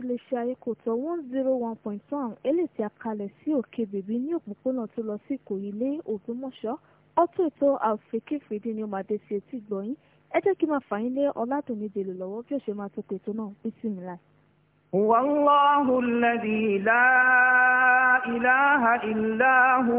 láti lè ṣe ayékòtò one zero one point one eléyìí tí a kalẹ̀ sí òkè bèbí ní òpópónà tó lọ sí ìkòyí lé ògbómọ̀ṣọ́ ọtún ètò àfikífìdí ni ó máa dé sí etí gbọ̀yìn ẹ jẹ́ kí n máa fà yín lé ọlátòní dèlò lọ́wọ́ bí ó ṣe máa tó pètò náà bísímìlà. wàláhùn lẹ́dí ìlà ìlà ìlà hù.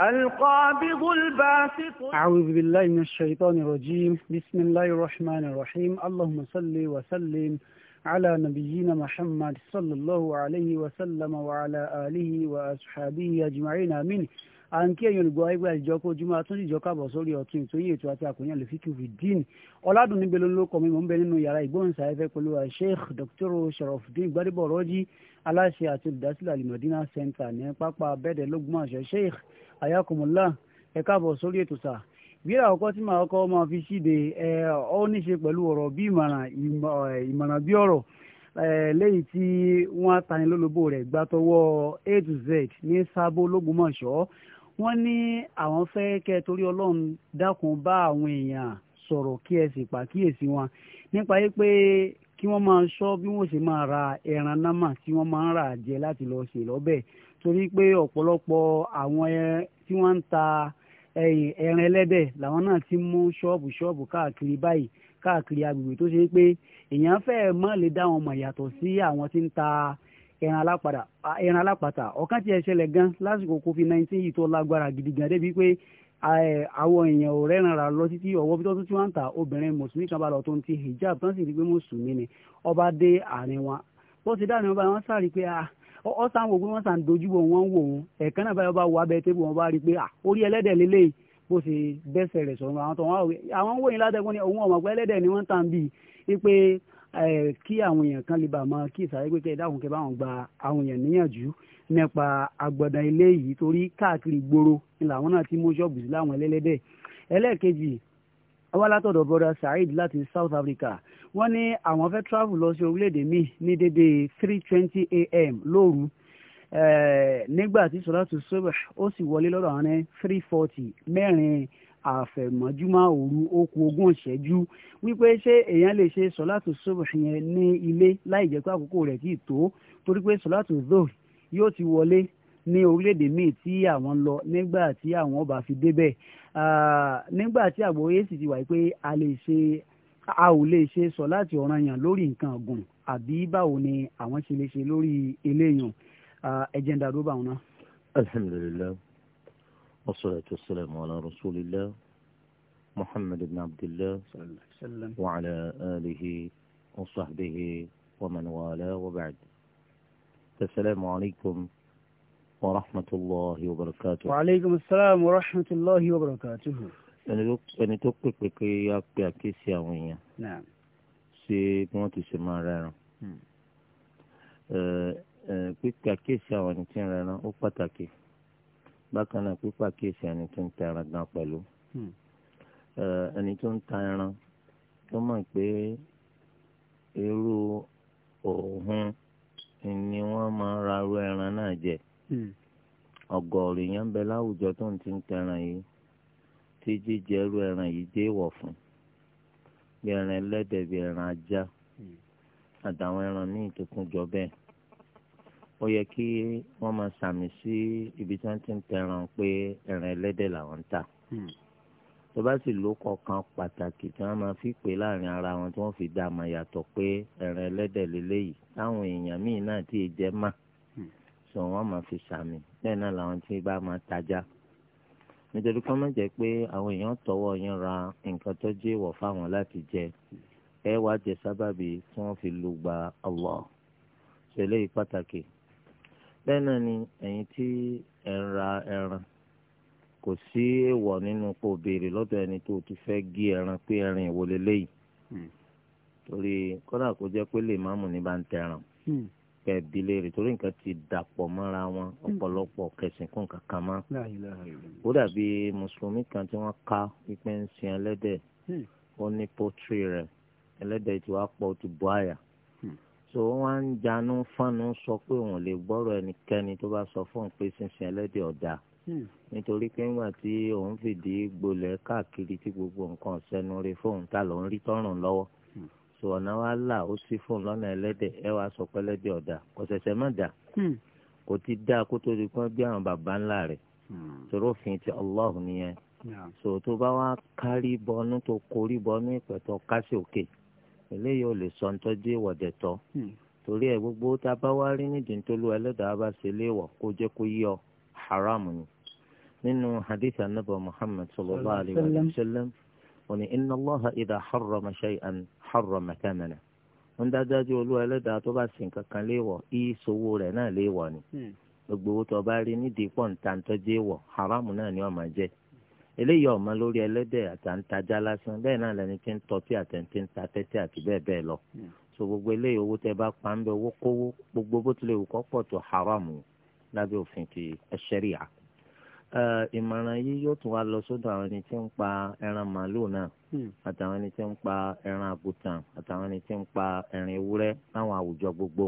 القابض الباسط أعوذ بالله من الشيطان الرجيم بسم الله الرحمن الرحيم اللهم صل وسلم على نبينا محمد صلى الله عليه وسلم وعلى آله وأصحابه أجمعين منه à ń kí ẹ̀yin olùgbọ́ ẹgbẹ́ ìjọ kojúmọ́ atún ìjọ káàbọ̀ sórí ọ̀tún ìtòyìn ètò àti àkòyàn lè fi kí fi dín ọ̀làdùnní bẹ́ẹ̀ ló kọ́ mi mò ń bẹ nínú yàrá ìgbóhùnsáfẹ́fẹ́ pẹ̀lú Sheikh Dr. Sharafudin Gbadebo Rọ́jí aláṣẹ àti olùdásílẹ̀ Al-Madina Center ní pápá abẹ́dẹ̀ lọ́gbọ́n àṣẹ Sheikh ayakumullah ẹ káàbọ̀ sórí ètò sáà gbéra ọkọ tí màá kọ máa fi síde ẹ ọ ní ṣe pẹ̀lú ọ̀rọ̀ bí ìmọ̀ràn ìmọ̀ràn bí ọ̀rọ̀ lẹ́yìn tí wọ́n á tani lólobó rẹ̀ gbàtọ́wọ́ a to z ní sábó lógúnmọ̀ṣọ́ wọ́n ní àwọn fẹ́ kẹ́ torí ọlọ́run dákun bá àwọn èèyàn sọ̀rọ̀ kí ẹ sì pàkíyèsí wọn nípa yí pé kí wọ́n máa ṣọ́ bí wọ́n ṣe máa ra ẹran námà tí wọ́n máa ń rà jẹ láti lọ ṣe lọ́bẹ̀ torí pé ọ̀pọ̀lọpọ̀ àwọn tí wọ́n ń ta ẹran ẹlẹ́dẹ̀ làwọn náà ti mú ṣọ́ọ̀bù ṣọ́ọ̀bù káàkiri báyìí káàkiri agbègbè tó ṣe pé èèyàn fẹ́ẹ́ má lè dá wọn mọ̀ yàtọ̀ sí àwọn tí ń ta ẹran alápàdà ẹran alápàtà ọ̀kan tí ẹ ṣẹlẹ̀ gan lásìkò covid nineteen yìí tó lágbára gidi gan débi pé àwọn èèyàn ò rẹ́ran ra lọ títí ọwọ́ bí tó tún ti wá ń ta obìnrin mùsùlùmí kan bá lọ tó ń ti hijab tó ń sì rí pé mùsùlùmí ni ọba dé àárín wa bó ti dáhùn ọba wọn sáré pé ah ọ sàn wò pé wọn sàn dojú bò wọn wò wọn ẹ̀ẹ̀kan náà báyọ̀ bá wọ abẹ́ tébù wọn bá rí i pé ah, orí ẹlẹ́dẹ̀ lélẹ́yìí bó ṣe bẹ́sẹ̀ rẹ̀ sọ̀rọ̀ àwọn tó wọn àwọn wòye látẹ̀kùn ni òun ọ̀mọ̀pẹ́ ẹlẹ́dẹ̀ ni wọ́n tàn bíi wípé kí àwọn èèyàn kan lè bá máa kí ìsàlẹ̀ pé kẹ́ẹ̀dá àwọn kẹ́ẹ̀bá àwọn gba àwọn èèyàn níyànjú nípa àgbọ̀dàn ilé yìí torí káàkiri gbòòrò ni làwọn náà ti mú ṣọ́ọ̀bù sí láwọn ẹlẹ́lẹ́dẹ̀ ẹlẹ́ẹ̀kejì wá látọ̀dọ̀ bọ́dà Saheed láti South Africa wọ́n ní àwọn fẹ́ travel lọ sí orílẹ̀-èdè míì ní dédé three twenty a.m. lóru nígbà tí sọ́dọ̀ tó sọ́bẹ̀ ó sì wọlé lọ́dọ̀ àwọn ní àfẹ̀mọ́júmọ́ òru ó kù ogún ìṣẹ́jú wípé ṣé èèyàn lè ṣe sọ́látù sọ́bùrù yẹn ní ilé láì jẹ́ pé àkókò rẹ̀ tí ì tó torí pé sọ́látù zohr yóò ti wọlé ní orílẹ̀-èdè míì tí àwọn lọ nígbà tí àwọn ọba fi débẹ̀ ah, nígbà tí àgbóyè sì ti wà pé a lè ṣe a ò lè ṣe sọ́látù ọ̀ranyàn lórí nǹkan ọ̀gùn àbí báwo ni àwọn ṣe lè ṣe lórí eléyàn ah, ẹ̀jẹ̀ ń dàdó báwọn náà. alhamdulilayi والصلاة والسلام على رسول الله محمد بن عبد الله وعلى آله وصحبه ومن والاه وبعد السلام عليكم ورحمة الله وبركاته وعليكم السلام ورحمة الله وبركاته أنا tó pèpè pé a pe àkíyèsí àwọn èèyàn ṣé bí wọ́n ti ṣe máa rẹran pípe àkíyèsí àwọn ẹni tí bákan náà pípa kéèsì ẹni tó ń ta ẹran gan pẹ̀lú hmm. ẹni tó ń ta ẹran tó mọ̀ pé irú ni wọ́n máa ra irú ẹran náà jẹ hmm. ọ̀gọ̀ọ̀rọ̀ èèyàn bẹ láwùjọ tó ń ti ń tẹran yìí tí jíjẹ irú ẹran yìí dé ìwọ̀ fún bí ẹran ẹlẹ́dẹ̀ bí ẹran ajá hmm. àtàwọn ẹran míì tó kún ó yẹ kí wọ́n máa sàmì sí ibi tí wọ́n ti ń tẹran pé ẹran ẹlẹ́dẹ̀ làwọn ń tà hmm. tó bá sì lókọ kan pàtàkì tí wọ́n máa fi pè láàrin ara wọn tí wọ́n fi dá a máa yàtọ̀ pé ẹran ẹlẹ́dẹ̀ lélẹ́yìí táwọn èèyàn míì náà ti jẹ́ mà hmm. sọ wọ́n máa fi sàmì bẹ́ẹ̀ náà làwọn tí bá máa tajà nítorí kọ́ má jẹ́ pé àwọn èèyàn tọwọ́ yín ra nǹkan tó jẹ́ ìwọ̀ fáwọn láti jẹ ẹ wá jẹ sábàbí tí wọ́n fi lù gba Allah ṣẹlẹ̀ yìí bẹ́ẹ̀ náà ni ẹ̀yin tí ẹ̀ ń ra ẹran kò sí èèwọ̀ nínú pò béèrè lọ́dọ̀ ẹni tó ti fẹ́ gé ẹran pé ẹran ìwo leléyìí hmm. torí kódà kó jẹ́ pé lè máàmù ní bá ń tẹran hmm. kẹ bí léèrè torí nǹkan ti dàpọ̀ mọ́ra wọn hmm. ọ̀pọ̀lọpọ̀ kẹsìn kankan mọ́ ó dàbí mùsùlùmí kan tí wọ́n ká pípẹ́ ń sin ẹlẹ́dẹ̀ ó ní pọ́tírì rẹ̀ ẹlẹ́dẹ̀ tí wàá pọ̀ ti bọ́ àyà so wọn ń janú fánu sọ pé òun lè gbọ́rọ̀ ẹnikẹ́ni tó bá sọ fún un pé sísìn ẹlẹ́dẹ̀ ọ̀dà hmm. nítorí pé ńgbà tí òun fìdí gbolẹ̀ káàkiri tí gbogbo nǹkan ṣẹnu rẹ̀ fóun ta ló ń rí tọrùn lọ́wọ́ hmm. so ọ̀nà wa là ó sí fóun lọ́nà ẹlẹ́dẹ̀ ẹ wàá sọ pé ẹlẹ́dẹ̀ ọ̀dà kò ṣẹ̀ṣẹ̀ má dà hmm. kò ti dá kó tó di pọ́n bí àwọn bàbá ńlá rẹ̀ torófin ti Allah nìyẹn so tó bá wá kárí bọnú tó korí bọnú ìpẹ̀tọ́ kásì òkè. Okay eléyìí ò lè sọ ń tọ́jú ìwọ̀dẹ̀ tọ́ hmm. torí ẹ gbogbo tá a bá wá rí nídìí nítorí ẹlẹ́dàá bá ṣe léèwọ̀ kó jẹ́ kó yí ọ haram ni nínú hadith anabi muhammad sallallahu alayhi wa sallam wọn ni inna allaha idha harrama shay'an harrama thamana wọn dájú olú ẹlẹ́dàá tó bá sìn kankan léèwọ̀ iye sowó rẹ̀ náà léèwọ̀ ni hmm. gbogbo tó bá rí nídìí pọ̀ ń ta ń tọ́jú ìwọ̀ haram náà ni ó máa jẹ́ eléyìí ọmọ lórí ẹlẹ́dẹ̀ àtàǹtajà lásán bẹ́ẹ̀ náà lẹni tí ń tọ́tí àtẹ̀ǹtí ń ta tẹ́tẹ́ àti bẹ́ẹ̀ bẹ́ẹ̀ lọ hmm. so gbogbo eléyìí owó tẹ bá pa ń bẹ owó kówó gbogbo bó tilẹ̀ wù kọ́ pọ̀ tó haram lábẹ́ òfin ti ṣẹ́ríà ìmọ̀ràn yìí yóò tún wá lọ sọ́dọ̀ àwọn ẹni tí ń pa ẹran màálùú náà hmm. àtàwọn ẹni tí ń pa ẹran àgùtàn àtàwọn ẹni tí ń pa ẹran ewúrẹ́ láwọn àwùjọ gbogbo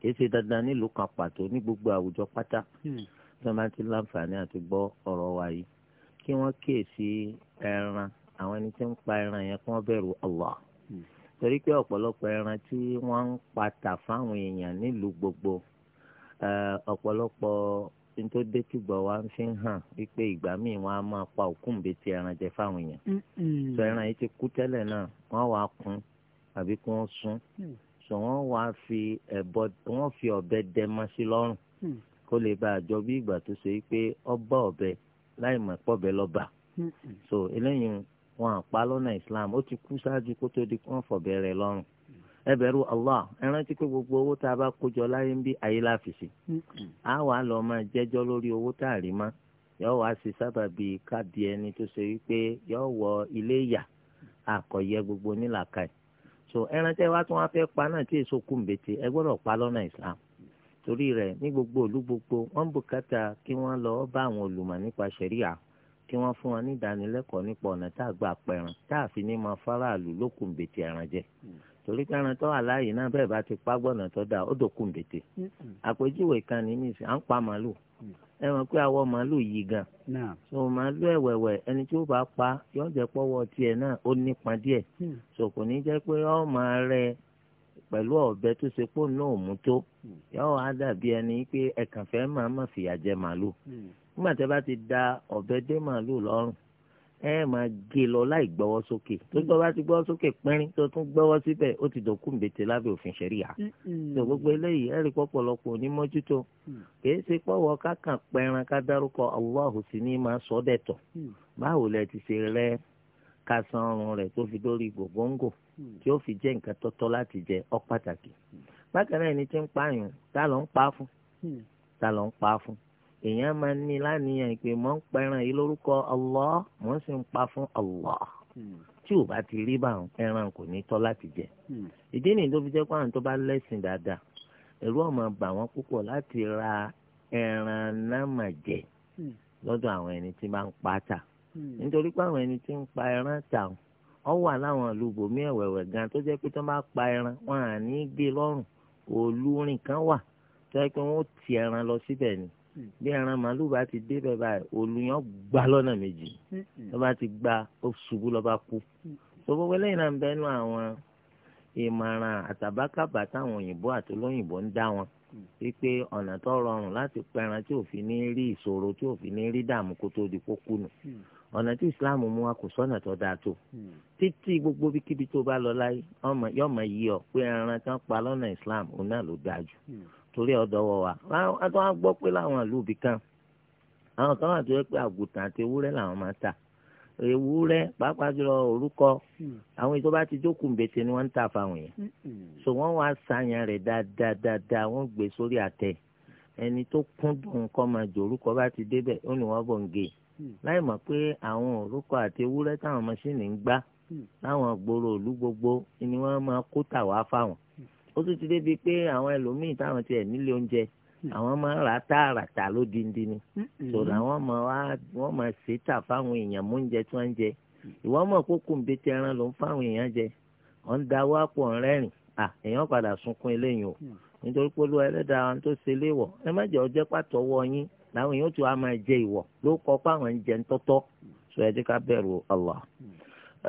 kì í ṣe dandan nílùú kan pàtó ní gbogbo àwùjọ pátá hmm. tí wọ́n bá ti láǹfààní àti gbọ́ ọ̀rọ̀ wa yìí kí wọ́n kíyèsí ẹran àwọn ẹni tí ń pa ẹran yẹn kí wọ́n bẹ̀rù Allah hmm. torí pé ọ̀pọ̀lọpọ̀ ẹran tí wọ́n ń patà fáwọn èèyàn nílùú gbogbo ọ̀pọ̀lọpọ̀ tó dé tìgbọ̀ wa fi hàn wípé ìgbà míì wọn á máa pa òkúńbe ti ẹran jẹ fáwọn èèyàn hmm, hmm. sọ ẹran yìí ti kú tẹ́lẹ̀ náà wọ́n wá kun àbí kí wọ́n sun sọ wọ́n wá fi ẹ̀bọ wọ́n fi ọ̀bẹ dẹmọ sí lọ́rùn kó lè bá àjọ bí ìgbà tó ṣe wípé ọba láì mọ̀ pọ̀ bẹ́ẹ̀ lọ́ba so eléyìí wọn àpá lọ́nà islam ó ti kú ṣáájú kó tó di wọn fọ̀bẹ rẹ̀ lọ́rùn ẹ bẹ̀rù allah ẹ rántí pé gbogbo owó tá a bá kójọ láyé ń bí ayé láfiṣe á wàá lọ máa jẹ́jọ́ lórí owó tá a rí má yọ wàá ṣe sábàbí káàdì ẹni tó ṣe wípé yọ wọ ilé ìyà àkọyẹ gbogbo nílàkàì so ẹran tẹ wá tí wọn fẹ́ pa náà tí èso kùn bètè ẹ gbọ́dọ̀ pa lọ́nà islam torí rẹ ní gbogbo òlú gbogbo wọ́n bùkátà kí wọ́n lọ bá àwọn olùmọ̀ nípa ṣẹ̀ríà kí wọn fún wọn ní ìdánilẹ́kọ̀ọ́ nípa ọ̀nà tá a gbà pẹ̀rùn tá a fi ní ma fáráàlú bètè ẹran jẹ torí kẹran tó wà láàyè náà bẹ́ẹ̀ bá ti pa gbọ́nà tó kan ní à ń pa màálù ẹ mọ̀ pé àwọ̀ màálù yìí gan so màálù ẹ̀wẹ̀wẹ̀ ẹni pẹ̀lú ọ̀bẹ tó ṣe pò náà mú tó yóò wá dàbí ẹni pé ẹ̀kàn fẹ́ máa má fìyà jẹ màálù hmm. nígbà tí a bá ti da ọ̀bẹ dé màálù lọ́rùn ẹ máa gé lọ láì gbọ́wọ́ sókè tó gbọ́ hmm. bá ti gbọ́wọ́ sókè pínrín tó tún gbọ́wọ́ síbẹ̀ ó ti mbètè lábẹ́ òfin tó hmm. gbogbo eléyìí ẹ̀rí pọ̀pọ̀lọpọ̀ onímọ́jútó kìí ṣe pọ̀wọ́ kákàn pẹran ká san ọrùn rẹ̀ tó fi dórí gògóńgò hmm. tí ó fi jẹ́ nǹkan tọ́tọ́ láti jẹ ọ́ pàtàkì bákan náà ẹni tí ń pààyàn tá ló ń pa fún hmm. tá ló ń pa fún èèyàn máa ń ní láníyàn pé mò ń pẹran yìí lórúkọ Allah mò ń sì ń pa fún Allah hmm. tí ò bá ti rí báwọn ẹran kò ní tọ́ láti jẹ ìdí nìyí tó fi jẹ́ pé àwọn tó bá lẹ́sìn dáadáa ẹ̀rú ọ̀mọ̀ bà wọ́n púpọ̀ láti ra ẹran náà mà jẹ lọ́dọ̀ àwọn ẹni tí bá ń pa á tà. Hmm. nítorí pé àwọn ẹni tí ń pa ẹran tà ọ wà láwọn àlùbòmí ẹ̀wẹ̀wẹ̀ gan tó jẹ́ pé tó bá pa ẹran wọn à ní gbé lọ́rùn olúrin kan wà tó yẹ pé wọn ó ti ẹran lọ síbẹ̀ ni hmm. bí ẹran màálù bá ti dé bẹ́ẹ̀ báyìí olùyàn gbà lọ́nà méjì hmm, tó bá ti gba ó ṣubú lọ́ba kú tó gbogbo eléyìí náà ń bẹ́ẹ̀ nú àwọn ìmọ̀ràn àtàbákàbà táwọn òyìnbó àti olóyìnbó ń dá wọn wípé ọ̀nà tó rọrùn láti pẹran tí ò fi ní rí ìṣòro tí ò fi ní rí dààmú kó tó di kó kú ọ̀nà tí islam mú wa kò sọ́nà tó dáa tó hmm. títí gbogbo bíkíbi tó bá lọ láyé yóò máa yí ọ pé ẹran tí pa lọ́nà islam òun náà ló dáa jù hmm. torí ọ̀dọ́ wọ wa wọ́n á gbọ́ pé láwọn ìlú ibì kan àwọn kan wà tó yẹ pé àgùntàn àti ewúrẹ́ làwọn máa ta ewúrẹ́ pàápàá jùlọ orúkọ hmm. àwọn ètò bá ti jókòó mbètè ni wọ́n ń tà fáwọn yẹn so wọ́n wá sàyàn rẹ̀ dáadáa wọ́n gbé sórí àtẹ ẹni tó kúndùn kọ́ máa jò orúkọ bá ti débẹ̀ ó ní wọ́n bọ̀ ń gé e Hmm. láì mọ̀ pé àwọn òrúkọ àti ewúrẹ́ táwọn mọ́ṣíìnì ń gbá hmm. láwọn gbòòrò ìlú gbogbo ni wọ́n máa kó tà wá fáwọn hmm. ó tún ti débi pé àwọn ẹlòmíì táwọn tiẹ̀ nílé oúnjẹ àwọn máa ń rà á tààràtà lódindi ni tó làwọn máa wá wọ́n máa ṣe tà fáwọn èèyàn móúnjẹ tí wọ́n ń jẹ ìwọ́n mọ̀ kó kùnbẹ́tẹ̀ ẹran ló ń fáwọn èèyàn jẹ wọ́n ń da wápò rẹ́rìn à èèyàn padà sunkún eléyìí o nítorí pé olú ẹlẹ́dàá tó ṣe léwọ̀ ẹ má jẹ́ ọjẹ́ pàtọ́wọ́ yín làwọn èèyàn tó a máa jẹ ìwọ ló kọ pé ń jẹ ń tọ́tọ́ sọ ká bẹ̀rù Allah hmm.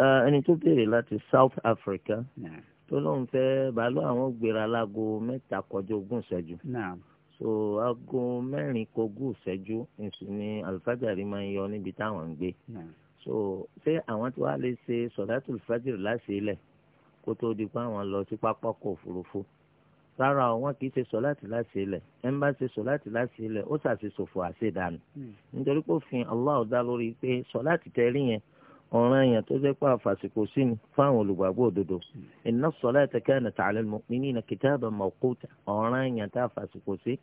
eh, ẹni tó béèrè láti South Africa hmm. tó lóun fẹ́ bàálù àwọn gbéra láago mẹ́ta kọjá ogún ìṣẹ́jú so aago mẹ́rin kogún ìṣẹ́jú ìsinmi alifájàrí máa ń yọ níbi táwọn ń gbé so ṣé àwọn tí wàá lè ṣe sọ̀dátù alifájàrí láṣìílẹ̀ kó tó di pé àwọn lọ sí pápákọ̀ òfurufú rárá o wọn kì í ṣe sọ láti láti ilẹ̀ ẹ̀ ń bá ṣe sọ láti láti ilẹ̀ ó ṣàṣe ṣòfò àṣedànù hmm. nítorí pé òfin Allah dá lórí pé sọ láti tẹ̀rí yẹn ọ̀ràn yẹn tó jẹ́ pé àfàsìkò sí ni fáwọn olùgbàgbọ́ òdodo hmm. inna salata kanat ala al-mu'minina kitaban mawquta ọ̀ràn yẹn tá àfàsìkò sí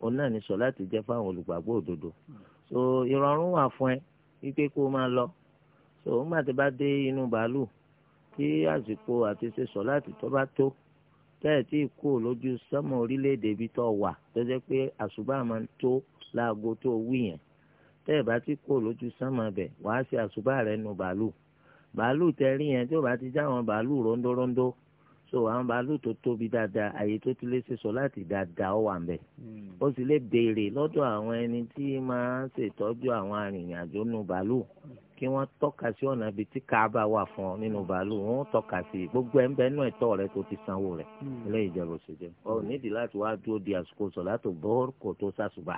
òun náà ni sọ láti jẹ́ fáwọn olùgbàgbọ́ òdodo so ìrọ̀rùn wà fún ẹ wípé kó o máa lọ so nígbà tí bá dé inú bàálù kí àsìkò àti ṣe sọ láti tó bá tó tẹ́ẹ̀ tí kò lójú sọ́mọ orílẹ̀-èdè ibi tó wà tó jẹ́ pé àṣùbà máa ń tó láago tó wí yẹn tẹ́ẹ̀ bá ti kò lójú sọ́mọ bẹ̀ wàá ṣe àṣùbà rẹ̀ nu bàálù bàálù tẹ́rí yẹn tí ó bá ti jáwọn bàálù rondórondó so àwọn bàálù tó tóbi dáadáa àyè tó ti lè ṣe sọ láti dáadáa ó wà ń bẹ̀ hmm. ó sì lè béèrè lọ́dọ̀ àwọn ẹni tí máa ń ṣètọ́jú àwọn arìnrìn àjò nu bàálù kí wọ́n tọ́ka sí ọ̀nà ibi tí kaaba wà fún ọ nínú bàálù wọ́n tọ́ka sí gbogbo ẹ̀ ń bẹ inú ẹ̀tọ́ rẹ tó ti sanwó rẹ ilé ìjọba òṣèjẹ ọ nídìí láti wá dúró di àsìkò sọ látò bọ́ọ̀rù kò tó sàṣùbà.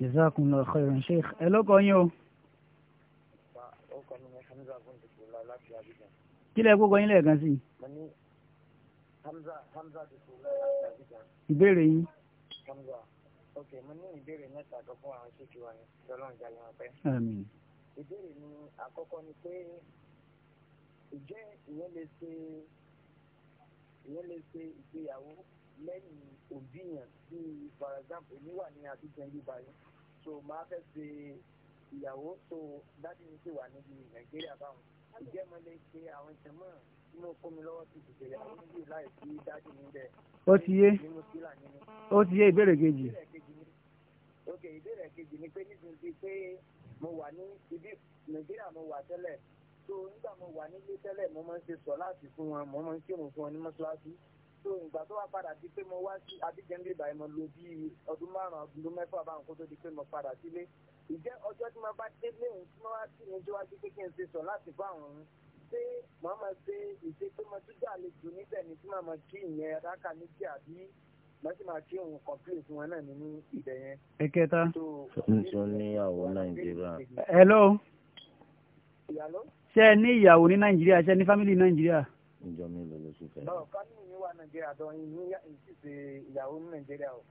jazakumullahu khairan sheikh ẹ lọ́kọ̀ yín o. kílẹ̀ gbogbo yín lẹ́ẹ̀kan sí i. ìbéèrè yín ok mo ní ìbéèrè mẹ́ta tó fún àwọn ṣèkí wa ní tọ́lọ́run jáde wọn pẹ́ ìbéèrè mi àkọ́kọ́ ni pé ìjẹ́ ìyẹn lè ṣe ìyẹn lè ṣe ìgbéyàwó lẹ́yìn òbí yàn sí for example èmi wà ní àtijọ́ ìlú báyìí so máa fẹ́ ṣe ìyàwó so dájú mi sì wà níbi nàìjíríà báwọn ìjẹ́ mo lè ṣe àwọn ìjẹ́mọ́ tí mo kó mi lọ́wọ́ sí ìgbéyàwó níbi láì sí dájú mi bẹ́ẹ̀. ó ti yé ó ti yé ìbéèrè kejì. ok ìbéèrè kejì ni pé nítorí pé mo wà ní ibi nàìjíríà mo wà tẹ́lẹ̀ tó nígbà mo wà nílé tẹ́lẹ̀ mo máa ń ṣe sọ láti fún wọn mo máa ń kírun fún wọn ní mọ́ṣáláṣí tó ìgbà tó wá padà sí pé mo wá sí abidjan bíbá ẹ mo lò bí ọdún márùn ọdún mẹ́fà báwọn kó tó di pé mo padà sílé ìjẹ́ ọjọ́ tí mo bá délé òun tí mo wá sí mi síwájú pé kí n ṣe sọ láti fún àwọn òun pé màá máa ṣe ìṣe pé mo tún àlejò níbẹ̀ ni tí màá máa kí ìyẹn rákà méjì àbí ẹ̀kẹta. nítorí níyàwó nàìjíríà. hello. ṣé ẹ ní ìyàwó ní nàìjíríà ṣé ẹ ní fámìlì nàìjíríà. ọjọ́ mélòó ló sì fẹ́.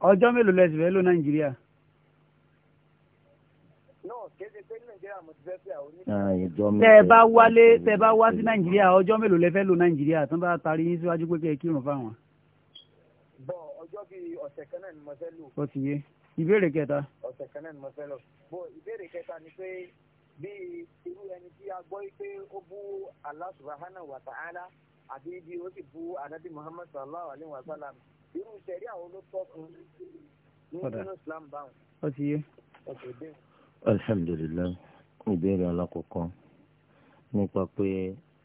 ọjọ́ mélòó lẹ́sìn fẹ́ ló ah, nàìjíríà. tẹ́ ẹ bá wálé tẹ́ ẹ bá wá sí nàìjíríà ọjọ́ mélòó lẹ́fẹ́ ló nàìjíríà tó bá tarí síwájú pé kí ẹ kírun fáwọn ọ̀sẹ̀ kan náà ni mo fẹ́ lò. ó ti yé ìbéèrè kẹta. ọ̀sẹ̀ kan náà ni mo fẹ́ lò bó ìbéèrè kẹta ni pé bí irú ẹni tí a gbọ́ pé ó bú Allah subhanahu wa ta'ala àti ibi ó sì bú anabi Muhammad sallallahu alayhi wa sallam irú sẹ̀rí àwọn olóòtọ́ fún nínú Islam báwọn. O, ti yé. alhamdulilayi ìbéèrè alákọ̀ọ́kọ́ nípa pé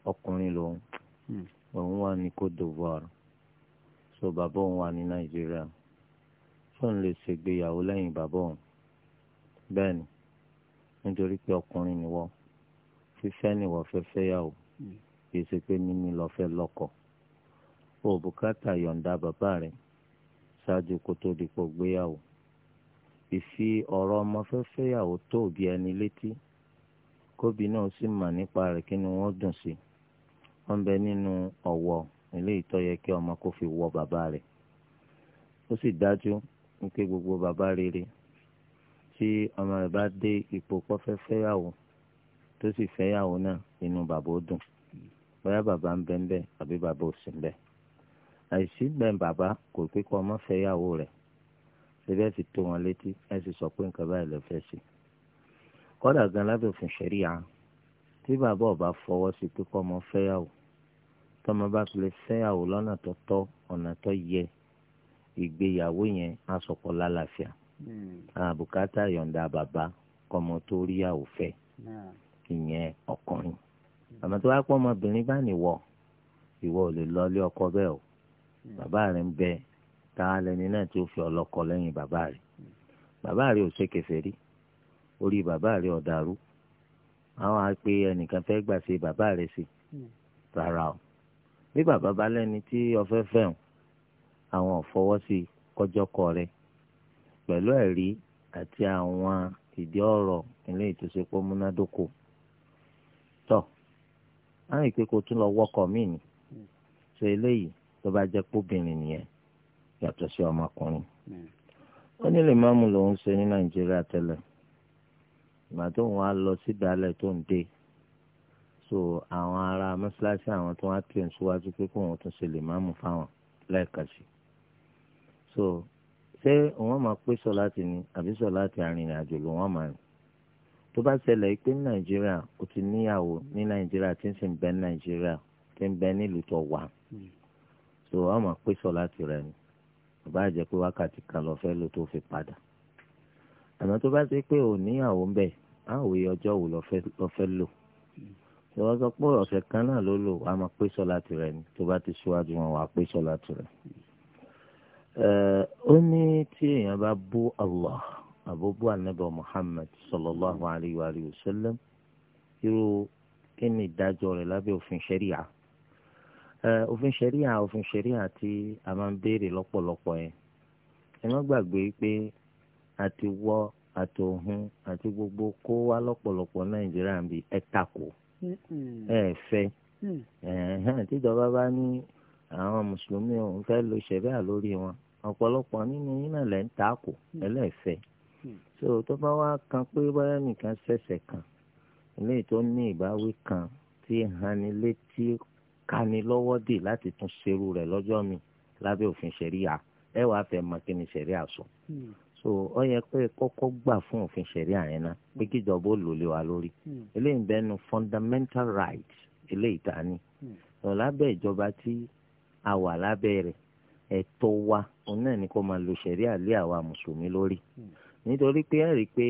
ọkùnrin lòun hmm. òun wà ní Côte d'Ivoire so bàbá òun wà ní nàìjíríà fóun lè ṣègbéyàwó lẹ́yìn bàbá òun bẹ́ẹ̀ ni nítorí pé ọkùnrin nìwọ fífẹ́ nìwọ fẹ́ fẹ́yàwó kì í ṣe pé níní lọ fẹ́ lọ́kọ o bùkátà yọ̀ǹda bàbá rẹ ṣáájú kó tó di pò gbéyàwó ìfi ọ̀rọ̀ ọmọ fẹ́ fẹ́yàwó tó òbí ẹni létí kóbi náà sì mà nípa rẹ̀ kí ni wọ́n dùn sí wọ́n bẹ nínú ọ̀wọ̀ eléyìí tó yẹ kí ọmọ kó fi wọ bàbá rẹ̀ ó sì dájú wípé gbogbo bàbá rere tí ọmọ rẹ̀ bá dé ipò pọ́fẹ́ fẹ́yàwó tó sì fẹ́yàwó náà inú bàbá ó dùn bóyá bàbá ń bẹ ń bẹ àbí bàbá ò sí ń bẹ àìsí bẹ́ẹ̀ bàbá kò pé kó ọmọ fẹ́yàwó rẹ̀ síbẹ̀ sì tó wọn létí ẹ sì sọ pé nǹkan báyìí lọ fẹ́ sí kódà gan lábẹ́ òfin ṣẹ̀ríà tí bàbá ò fọwọ́ sí pé ọmọ fẹ́yàwó tọ́mọ bá fi lè fẹ́yàwó lọ́nà tó tọ́ ọ̀nà tó yẹ ìgbéyàwó yẹn á sọ̀kọ́ lálàáfíà hmm. àbùkátà yọ̀ǹda bàbá kọ́mọ tó ríyàwó fẹ́ hmm. ìyẹn ọkùnrin hmm. àmọ́ tó bá pọ̀ ọmọbìnrin bá nìwọ ìwọ ò lè lọ́lé ọkọ bẹ́ẹ̀ o bàbá rẹ̀ ń bẹ ta lẹni náà tí ó fi ọlọ́kọ lẹ́yìn bàbá rẹ̀ bàbá rẹ̀ ò ṣe kèfèrí orí bàbá rẹ̀ ò àwọn á ẹnìkan fẹ́ gbà ṣe bàbá rẹ̀ sí rárá o bí bàbá bá lẹ́ni tí ọfẹ́ fẹ̀hùn àwọn ọ̀fọwọ́sí kọjọ́kọ rẹ pẹ̀lú ẹ̀rí àti àwọn ìdí ọ̀rọ̀ ilé ìtòsípò múnádókò tọ̀ láyìn pé kò tún lọ wọ́kọ̀ míì ni ṣe eléyìí tó bá jẹ́ kóbìnrin nìyẹn yàtọ̀ sí ọmọkùnrin ó ní lè máàmù lòún ṣe ní nàìjíríà tẹ́lẹ̀ ìgbà tó ń wá lọ sídàálẹ̀ tó ń dé so àwọn ará mọ́ṣáláṣí àwọn tó wá kí n síwájú pé kó wọn tún ṣe lè máàmù fáwọn lẹ́ẹ̀kan sí so ṣé wọ́n máa pé sọ láti ní àbí sọ láti arìnrìn àjò ló wọ́n máa rìn tó bá ṣẹlẹ̀ pé ní nàìjíríà o ti níyàwó ní nàìjíríà tí ń sìn bẹ́ ní nàìjíríà tí ń bẹ nílùú tó wà so wọ́n máa pé sọ láti rẹ̀ ni bàbá àjẹ́ pé wákàtí kan lọ fẹ́ lò tó fi padà àmọ́ tó bá ṣe pé ò níyàwó ń bẹ̀ á òye tí wọ́n sọ pé ọ̀sẹ̀ kan náà ló lò wá máa pé sọ́lá tirẹ̀ ni tó bá ti ṣíwájú wọn wá pé sọ́lá tirẹ̀. ó ní tí èèyàn bá bú Allah àbó bú anábọ̀ Muhammad sallallahu alayhi wa sallam irú kí ni ìdájọ́ rẹ̀ lábẹ́ òfin ṣẹ́ríà òfin ṣẹ́ríà òfin ṣẹ́ríà tí a máa ń béèrè lọ́pọ̀lọpọ̀ yẹn ẹ má gbàgbé pé a ti wọ́ àtòhun àti gbogbo kó wá lọ́pọ̀lọpọ̀ Nàìjíríà bíi ẹ̀ takò. Mm-hmm. ẹ fẹ́ mm-hmm. tíjọba bá ní àwọn mùsùlùmí òun fẹ́ lo ṣẹ̀ríà lórí wọn ọ̀pọ̀lọpọ̀ nínú yín náà lẹ́ ń takò mm-hmm. ẹlẹ́fẹ́ so tó bá wá kan pé báyọ̀ nìkan ṣẹ̀ṣẹ̀ kan eléyìí tó ní ìbáwí kan tí hani létí kani lọ́wọ́ dè láti tún ṣerú rẹ̀ lọ́jọ́ mi lábẹ́ òfin ṣẹ̀ríà ẹ wàá fẹ́ mọ̀ kí ni ṣẹ̀ríà sọ so ọ yẹ pé kọ́kọ́ gbà fún òfin ṣẹ̀ríà yẹn náà pé kíjọba ó wa lórí hmm. eléyìí bẹ́ẹ̀ nu fundamental rights eléyìí tá a ní lọ hmm. lábẹ́ ìjọba tí a wà lábẹ́ rẹ̀ ẹ̀tọ́ wa òun náà ni kó máa lo ṣẹ̀ríà lé àwa mùsùlùmí lórí hmm. nítorí pé ẹ rí i pé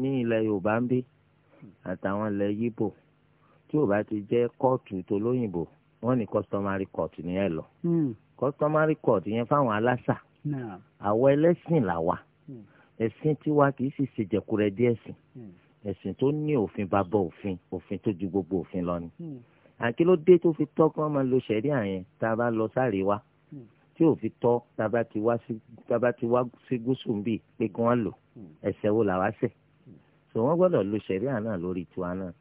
ní ilẹ̀ yorùbá ń bí àtàwọn ilẹ̀ yíbò tí ò bá ti jẹ́ kóòtù tolóyìnbó wọ́n ní customary court ni ẹ lọ customary court yẹn fáwọn aláṣà àwọn ẹlẹ́sìn làwà ẹ̀sìn tiwa kì í sì ṣe jẹ̀kúrẹ́ díẹ̀ sìn hmm. ẹ̀sìn tó ní òfin bá bọ òfin òfin tó ju gbogbo òfin lọ ni hmm. àkí ló dé tó fi tọ́ kí wọ́n máa lo ṣẹ̀ríà yẹn tá a bá lọ sáré wa hmm. tí ò fi tọ́ tá a bá ti wá sí gúúsù ń bì pé kí wọ́n lò ẹ̀ṣẹ̀ wo làwa ṣẹ̀ so wọ́n gbọ́dọ̀ lo ṣẹ̀ríà náà lórí tiwa náà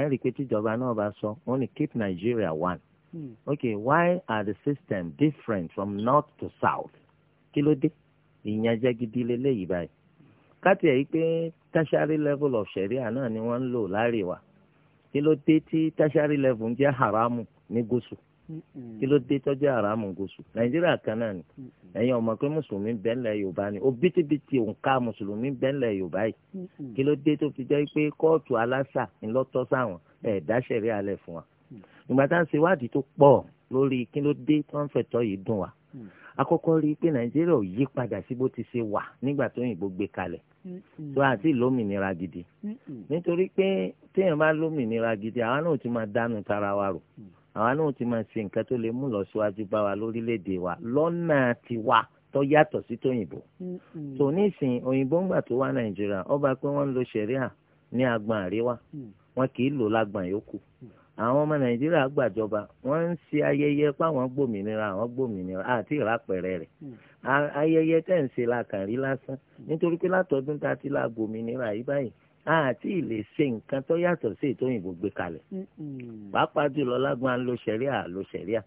ẹ̀ rí i pé tíjọba náà bá sọ wọ́n ní keep Nigeria one Hmm. okay why are the system different from north to south kí ló dé ìyẹn jẹ́ gidi lélẹ́yìí báyìí káti ẹ̀ yí pé tertiary level of sharia náà ni wọ́n ń lò láre wa kí ló dé tí tertiary level ń jẹ́ haramu ní gúúsù kí ló dé tọ́jú haramu gúúsù nàìjíríà kan náà ni ẹ̀yin ọmọ pé mùsùlùmí bẹ́ńlẹ̀ yorùbá ni òbítíbitì òǹkà mùsùlùmí bẹ́ńlẹ̀ yorùbá yìí kí ló dé tó fi jẹ́ pé kóòtù aláṣà ńlọ́tọ́ sáwọn ẹ̀ dá sharia lẹ̀ fún wa mm. ìgbà tá à ń ṣèwádìí tó pọ̀ lórí kí ló dé tó ń fẹ̀tọ́ yìí dùn wa mm akọ́kọ́ rí i pé nàìjíríà ò yí padà sí bó ti ṣe wà nígbà tó yìnbó gbé kalẹ̀ tó àti lómìnira gidi nítorí pé téèyàn bá lómìnira gidi àwa náà ti máa dánu tara wa rò mm. àwa náà ti máa ṣe nǹkan tó lè mú lọ síwájú bá wa lórílẹ̀‐èdè wa lọ́nà tiwa tó yàtọ̀ sí tóyìnbó tó nísìn òyìnbó ńgbà tó wá nàìjíríà ó pé wọ́n ń lo ṣẹ̀ríà ní agbọ̀n àríwá mm. wọn kì í lò lágbọ̀n yòókù mm àwọn ọmọ nàìjíríà gbàjọba wọn ń ṣe ayẹyẹ páwọn gbòmìnira àwọn gbòmìnira àti ìràpẹrẹ rẹ hmm. ayẹyẹ tẹ̀ ń ṣe la kàn rí lásán nítorí pé látọdún tá a ti la gbòmìnira yìí báyìí àti ilé ṣe nǹkan tó yàtọ̀ sí ètò òyìnbó gbé kalẹ̀ hmm, hmm. pàápàá jùlọ lágbọ́n à ń lo ṣẹ̀ríà lo ṣẹ̀ríà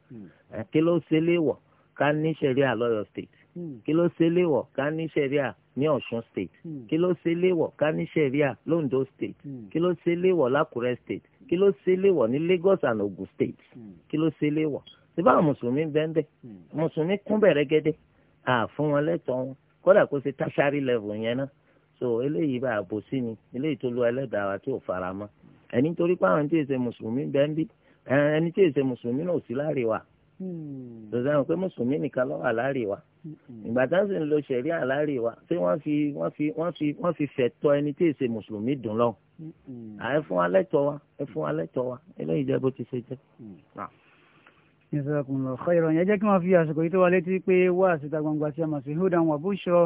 kí ló ṣe léwọ̀ ká ní ṣẹ̀ríà lọ́yọ̀ state Hmm. kí ló ṣe léwọ̀ ká ní sẹ́ríà ní ọ̀ṣun hmm. hmm. state kí ló ṣe léwọ̀ ká ní sẹ́ríà londo state kí ló ṣe léwọ̀ lákùrẹ́ state kí ló ṣe léwọ̀ ní lagos and ogun state kí ló ṣe léwọ̀ síbá mùsùlùmí bẹ́ńbẹ́ mùsùlùmí kún bẹ̀rẹ̀ gẹ́dẹ́ àfún wọn lẹ́tọ̀ọ́ wọn kódà kó ṣe táṣárí level yẹn náà so eléyìí bá àbò sí ni eléyìí tó lu ẹlẹ́dàá wa tí ò fara mọ́ ẹni torí pé àwọn tí èsè mùsùlùmí bẹ́ńbí ẹni tí èsè mùsùlùmí náà ò sí láàrin wa lọ́sàn-án hmm. pé mùsùlùmí nìkan lọ́wọ́ àlárí wa hmm. ìgbà tá à ń sì ń lo ṣẹ̀rí àlárí wa ṣé wọ́n fi wọ́n fi wọ́n fi wọ́n fi fẹ̀tọ́ ẹni tí èsè mùsùlùmí dùn lọ. Hmm. àyẹ fún alẹ́ tọ́ wa ẹ fún alẹ́ tọ́ wa eléyìí jẹ́ bó ti ṣe jẹ́. ìṣèkùn lọ xeyọrọ yẹn jẹ́ kí wọ́n fi àsìkò yìí tó wa létí pé wá àṣìta gbangba sí àmàṣe hudan wà búṣọ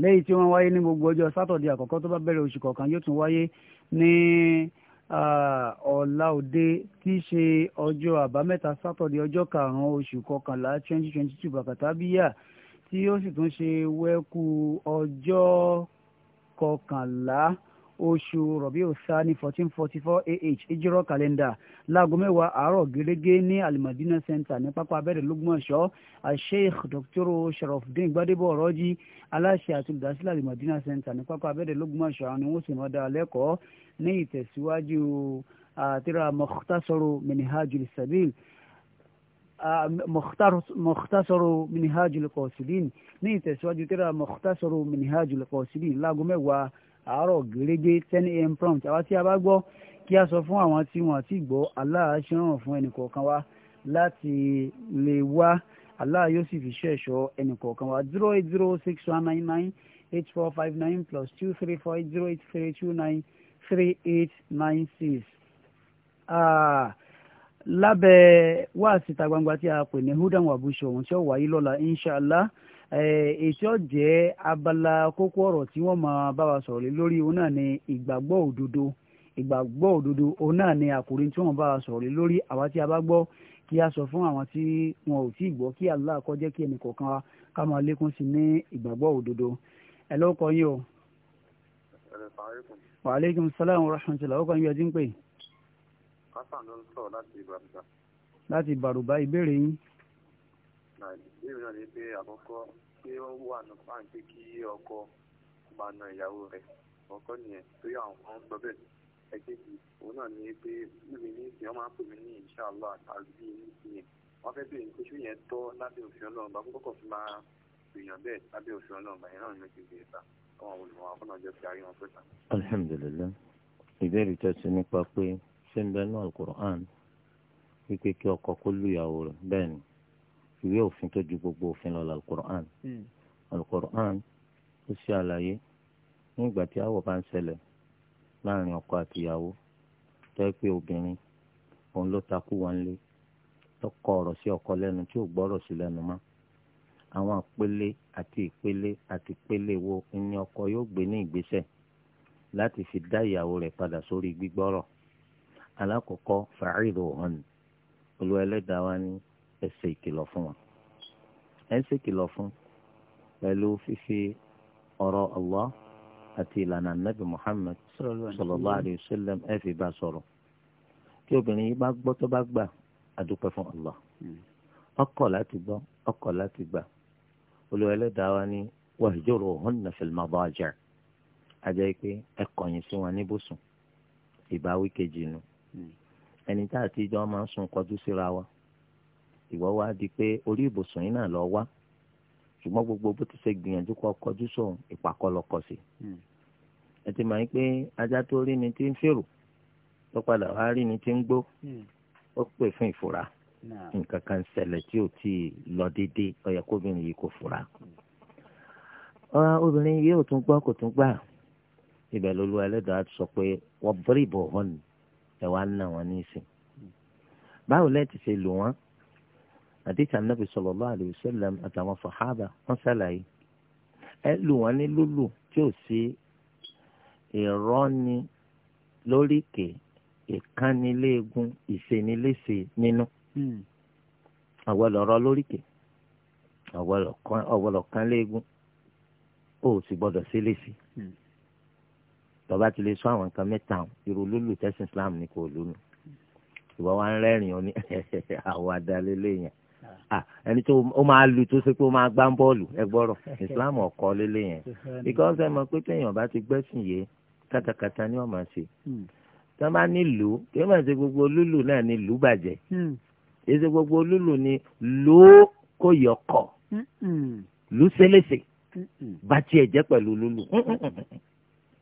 lẹ́yìn tí wọ́n wáyé ní gbogbo ọjọ́ sátọ̀dẹ̀ àkọ́kọ́ tó bá bẹ̀rẹ̀ ọ̀la òde tí í ṣe ọjọ́ àbámẹ́ta sátọ̀dẹ̀ ọjọ́ karùn-ún oṣù kọkànlá twenty twenty two bàkàtà bíyà tí ó sì tún ṣe wẹ́kú ọjọ́ kọkànlá oṣù rọ̀bí ọ̀sánì fourteen forty four ah ìjírọ̀ kàlẹ́ndà láago mẹ́wàá àárọ̀ gẹ́gẹ́ ní alimadina center ní pápá abẹ́rẹ́ lógúnmọ̀ṣọ́ asheikh dr sharafdin gbadebo ọ̀rọ́jì aláṣẹ àti olùdásílẹ̀ alimadina center ní pápá abẹ́rẹ́ lógúnmọ̀ṣọ́ àwọn ni wọ́n sì máa dá lẹ́kọ̀ọ́ ní ìtẹ̀síwájú tírà mukhtasaru minhajul sabil mukhtasaru minhajul qasidin ní ìtẹ̀síwájú tírà mukhtasaru minhajul qasidin láago mẹ́wàá àárọ̀ gẹ́gẹ́ ten a.m. prompt àwa tí a bá gbọ́ kí a sọ fún àwọn tí wọ́n ti gbọ́ aláàṣẹ́ràn fún ẹnìkọ̀ọ̀kan wa láti lè wá aláà fi ṣe ẹ̀ṣọ́ ẹnìkọ̀ọ̀kan wa zero eight zero six one nine nine eight four five nine plus two three four eight zero eight three two nine three eight nine six ah, lábẹ́ wáàsí ta gbangba tí a pè ní hudan wabush ohun tí ó wáyé lọ́la inshallah eh, ètí ọ̀jẹ́ abala kókó ọ̀rọ̀ tí wọ́n máa bá wa sọ̀rọ̀ lé lórí òun náà ni ìgbàgbọ́ òdodo ìgbàgbọ́ òdodo òun náà ni àkòrí tí wọ́n bá wa sọ̀rọ̀ lé lórí àwa tí a bá gbọ́ kí a sọ fún àwọn tí wọn ò tí ì gbọ́ kí Allah kí ẹnì ká máa lékún sí ní ìgbàgbọ́ òdodo ẹ̀ lọ́kọ̀ yín o wa aleykum salaam wa rahmatulah ọkọ yín ọdí ń pè. kásán ló ń sọ̀rọ̀ láti ìbàrùbá. láti ìbàrùbá ìbéèrè yín. ìbéèrè náà ni pé àkọ́kọ́ pé ó wà ní pàǹtí kí ọkọ máa na ìyàwó rẹ̀ ọkọ nìyẹn tó yà wọn sọ bẹ́ẹ̀ ẹ̀kejì òun náà ni pé mímí ní ìsìn ọmọ àpò mi ní ìṣàlọ́ àtàlùbí ní ìsìn wọn fẹ́ bẹ̀rẹ̀ pé ṣó yẹn tọ́ lábẹ́ òfin ọlọ́run bá kọ́kọ́ fi máa gbìyànjú alhamdulilayi ìbéèrè tó ṣe nípa pé ṣé ń bẹ nínú alukur'an wípé kí ọkọ kó lùyàwó rẹ̀ bẹ́ẹ̀ ni ìwé òfin tó ju gbogbo òfin lọ alukur'an hmm. alukur'an ó ṣe àlàyé ní ìgbà tí àwọ̀ bá ń ṣẹlẹ̀ láàrin ọkọ àtìyàwó tó yẹ pé obìnrin òun ló takú wọn lé lọ́kọ̀ ọ̀rọ̀ sí ọkọ lẹ́nu tí ò gbọ́rọ̀ sí lẹ́nu mọ́ àwọn ìpele àti ìpele àti ìpele wo ni ọkọ yóò gbé ní ìgbésẹ̀ láti fi dá ìyàwó rẹ̀ padà sórí gbígbọ́rọ̀ alákọ̀ọ́kọ́ fàáìrò hàn olú ẹlẹ́dàá wa ní ẹsẹ̀ ìkìlọ̀ fún wa ẹsẹ̀ ìkìlọ̀ fún pẹ̀lú fífi ọ̀rọ̀ Allah àti ìlànà nabi Muhammad sallallahu alayhi ẹ fi bá sọ̀rọ̀ tí obìnrin yìí bá gbọ́ tó bá gbà adúpẹ́ fún Allah ọkọ̀ hmm. láti gbọ́ ọkọ̀ láti gbà olùwà ẹlẹ́dàá wa ní wahjuruhunna fil madaji' ajẹ́ pé ẹ kọ̀yìn sí wọn níbùsùn ìbáwí kejì nu hmm. ẹni tá àti ìjọ máa ń sùn kọjú síra wa ìwọ wá di pé orí ìbùsùn yìí náà lọ wá ṣùgbọ́n gbogbo bó ti ṣe gbìyànjú kọ kọjú sóun ìpàkọ́lọ́kọ sí hmm. ẹ ti máa ń pé ajá tó rí ni ti ń fèrò tó padà wá rí ni ti ń gbó hmm. ó pè fún ìfura nǹkan kan ṣẹlẹ̀ tí ò tí ì lọ déédéé ó yẹ kóbìnrin yìí kò fura. obìnrin yìí ò tún gbọ́ kò tún gbà ibẹ̀ lolú ẹlẹ́dàá sọ pé wọ́n bọ́rì bọ̀ hàn ẹ̀ wá nà wọ́n ní ìsìn. báwo lẹ́ẹ̀tì ṣe lù wọ́n àdìsá nàbì sallallahu alaihi wasallam àtàwọn sàhábà wọ́n ṣàlàyé ẹ lù wọ́n ní lùlù tí ò sí ìrọ́ni lóríkè ìkániléegun ìṣeniléṣe nínú ọ̀gbọ́dọ̀ hmm. rọ lóríkè ọ̀gbọ́dọ̀ kan léegun ó sì gbọ́dọ̀ sí lèsì hmm. tọba ti lè sọ àwọn nǹkan mẹ́ta irú lúlù tẹ́sán islam ni kò lónìí ìwọ wa ń rẹ́rìn ó ní àwọn adalẹ lẹ́yìn ẹni tó o máa lu tó ṣe pé ó máa gbá bọ́ọ̀lù ẹ gbọ́rọ̀ islam ọ̀kọ́ lélẹ̀ yẹn because ẹ mọ̀ pé téèyàn bá ti gbẹ́sìn yé kátàkátà ni wọ́n máa ṣe hmm. tí wọ́n bá nílùú kí wọ́n máa ṣe gbogbo lúlù náà nílùú bàjẹ́ èsì gbogbo lùlù ni ló kò yọkọ̀ lù sẹ́lẹ̀sẹ̀ bá tiẹ̀ e jẹ́ pẹ̀lú lùlù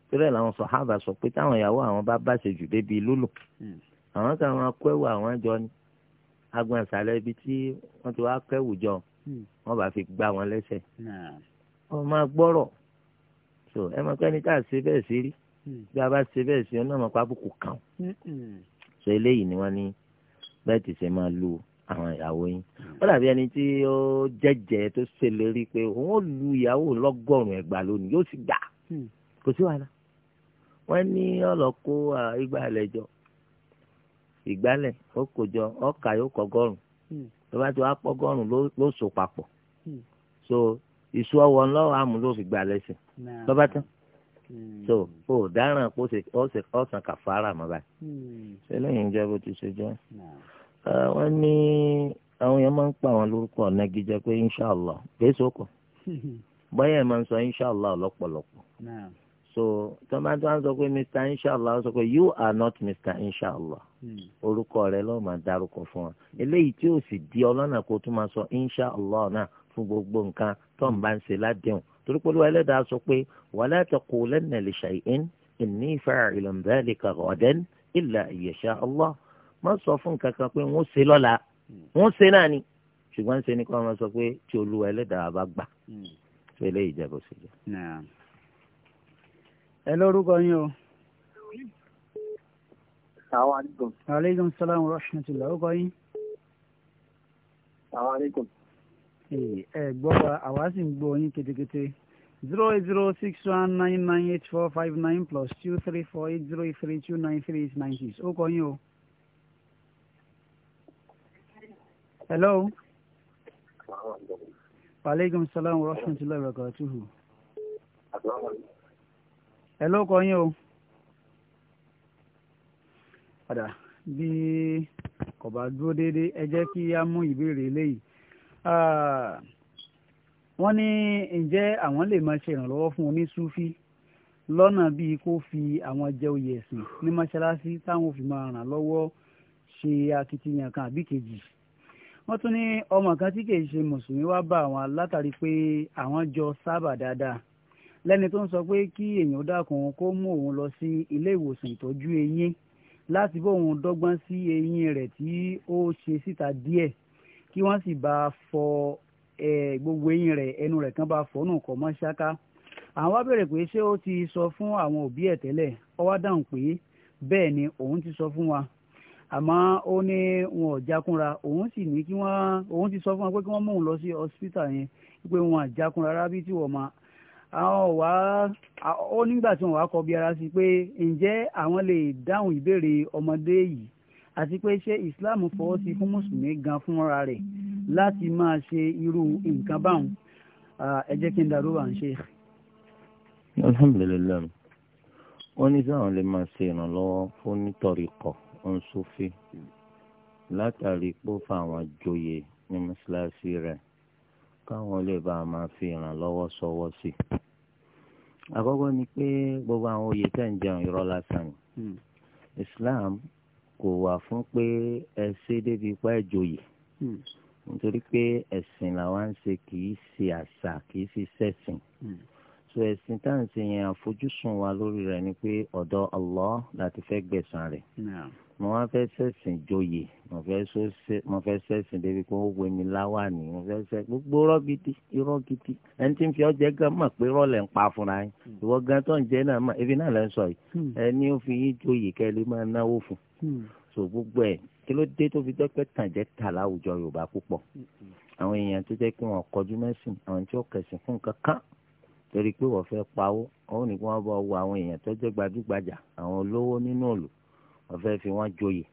torí ẹ̀ làwọn sọ̀hábà sọ pé táwọn ìyàwó àwọn bá bá ṣe jù débi lùlù àwọn mm. kan máa kó ẹ̀wù àwọn jọ ni agbọn ìsàlẹ̀ ibi tí wọ́n ti wá kó ẹ̀wù jọ wọ́n bá fi gbá wọn lẹ́sẹ̀ wọ́n máa gbọ́rọ̀ so ẹ máa kẹ́ni tá a ṣe bẹ́ẹ̀ sí rí bí a bá ṣe bẹ́ẹ̀ sí ọ náà máa pa àbùkù kàn so eléyìí ni wọ́n ní bẹ́ẹ̀ ti ṣe máa lu àwọn ìyàwó yín hmm. ó dàbí ẹni tí ó jẹ́jẹ́ tó ṣèlérí pé òun ó lu ìyàwó lọ́gọ́rùn-ún ẹgbàá lónìí yóò sì gbà hmm. kò sí wàhálà wọ́n ní ọlọ́kó ìgbà àlẹ́jọ́ ìgbálẹ̀ ó kòjọ ọkà yóò kọgọ́rùn hmm. tó bá ti wá pọ́gọ́rùn ló so papọ̀ so ìṣú ọwọ́ ńlọ́wọ́ àmú ló fi gbà lẹ́sìn tó bá tán so ó dáràn pé ó ṣe ọ̀sán kàfàrà mọ́ báyìí ṣé lóyún jẹ́ bó ti ṣe jẹ́ wọ́n ní àwọn yẹn máa ń pa àwọn lórúkọ nagijẹ pé inshàlá gbèsò kọ bọ́yá ẹ̀ máa ń sọ inshàlá lọ́pọ̀lọpọ̀ so tó máa tó ń sọ pé mr inshàlá sọ pé you are not mr inshàlá hmm. orúkọ rẹ ló máa dárúkọ fún wa eléyìí tí ó sì di ọlọ́nà kó tó máa sọ inshàlá náà fún gbogbo nǹkan tó ń bá ń ṣe ládéhùn torí pé olúwa ẹlẹ́dàá sọ pé wala taqulanna li shay'in inni fa'ilun dhalika ghadan illa an yasha Allah má sọ fún kankan pé wọ́n ṣe lọ́la hmm. wọ́n ṣe náà ni ṣùgbọ́n ṣe ni kí wọ́n máa sọ pé tí olúwa ẹlẹ́dàá bá gbà tó hmm. eléyìí jẹ́ bó ṣe jẹ́. ẹ lórúkọ yín o. Assalamu alaikum. Aleykum salaam wa rahmatulah. Ó yín. Assalamu alaikum. Ẹ gbọ́ àwa sì ń gbọ́ yín ketekete. zero eight zero six one nine nine eight four five nine plus two three four eight zero eight three two nine three eight nine six. Ó kọ́ yín o. hello. waaleykum salaam wa rahmatulahi wa barakatuhu. hello kọ́ yín o. padà bí kò bá dúró déédéé ẹ jẹ́ kí a mú ìbéèrè eléyìí. wọ́n ní ǹjẹ́ àwọn lè máa ṣe ìrànlọ́wọ́ fún onísúfí lọ́nà bíi kó fi àwọn jẹ oyè ẹ̀sìn ní mọ́ṣáláṣí táwọn ò fi máa ràn lọ́wọ́ ṣe akitiyan kan àbí kejì wọ́n tún ní ọmọ kan tí kìí ṣe mùsùlùmí wá bá àwọn látàrí pé àwọn jọ sábà dáadáa lẹ́ni tó ń sọ pé kí èèyàn dákun kó mú òun lọ sí ilé ìwòsàn ìtọ́jú eyín láti bóun dọ́gbọ́n sí eyín rẹ̀ tí ó ṣe síta díẹ̀ kí wọ́n sì bá fọ gbogbo eyín rẹ̀ ẹnu rẹ̀ kan bá fọ́ nù kọ́ mọ́ ṣáká àwọn wá bèrè pé ṣé ó ti sọ fún àwọn òbí ẹ̀ tẹ́lẹ̀ ó wá dáhùn pé bẹ́ẹ̀ ni òun ti sọ fún wa àmọ́ ó ní wọn ò jákúnra òun sì ní kí wọ́n òun ti sọ fún wọn pé kí wọ́n mú òun lọ sí hospital yẹn pé wọn à jákúnra rárá bí tí wọ́n máa àwọn wá ó nígbà tí wọn wá kọ bí ara sí pé ǹjẹ́ àwọn lè dáhùn ìbéèrè ọmọdé yìí àti pé ṣé Islam fọwọ́ sí fún mùsùlùmí gan fúnra rẹ̀ láti máa ṣe irú nǹkan báwọn ẹ jẹ́ kí n darú ń ṣe. alhamdulilayi wọn ní sáwọn lè máa ṣe ìrànlọ́wọ́ fún nítorí kọ fún sufi látàrí pé ó fa àwọn joyè ní mọ́ṣáláṣí rẹ̀ káwọn lè bá a máa fi ìrànlọ́wọ́ sọwọ́ sí i. àkọ́kọ́ ni pé gbogbo àwọn oyè tẹ̀ ń jẹun irọ́ lásán ni hmm. Islam kò wà fún pé ẹ ṣe débi ipá ẹ joyè hmm. nítorí pé ẹ̀sìn làwa ń ṣe kì í ṣe àṣà kì í ṣe sẹ́sìn hmm. so ẹ̀sìn tá à ń ṣe yẹn àfojúsùn wa lórí rẹ̀ ni pé ọ̀dọ̀ Allah láti fẹ́ gbẹ̀san rẹ̀ mo wá fẹ́ sẹ̀sìn joyè mo fẹ́ sẹ̀sìn débi kó o wé mi láwà ní mo fẹ́ sẹ́ gbogbo irọ́ gidi irọ́ gidi ẹni tí ń fi ọjẹ́ gan mọ̀ pé irọ́ lẹ̀ ń pa fúnra yín hmm. ìwọ gan tó ń jẹ́ náà mọ̀ ebi náà lẹ̀ ń sọ yìí hmm. ẹni ó fi yín joyè kẹ́ ẹ lè máa náwó fún hmm. so gbogbo ẹ̀ kí ló dé tó fi jẹ́ pé tàǹjẹ́ tà láwùjọ Yorùbá púpọ̀ àwọn èèyàn tó jẹ́ pé wọ́n kọjú mẹ́sìn àwọn tí ó kẹ̀sìn fún kankan torí pé wọ́n fẹ́ pawó òun nìkan wọ́n bá wo àwọn èèyàn tó jẹ́ gbajúgbajà àwọn olówó nínú òlù wọ́n fẹ́ fi wọ́n joyè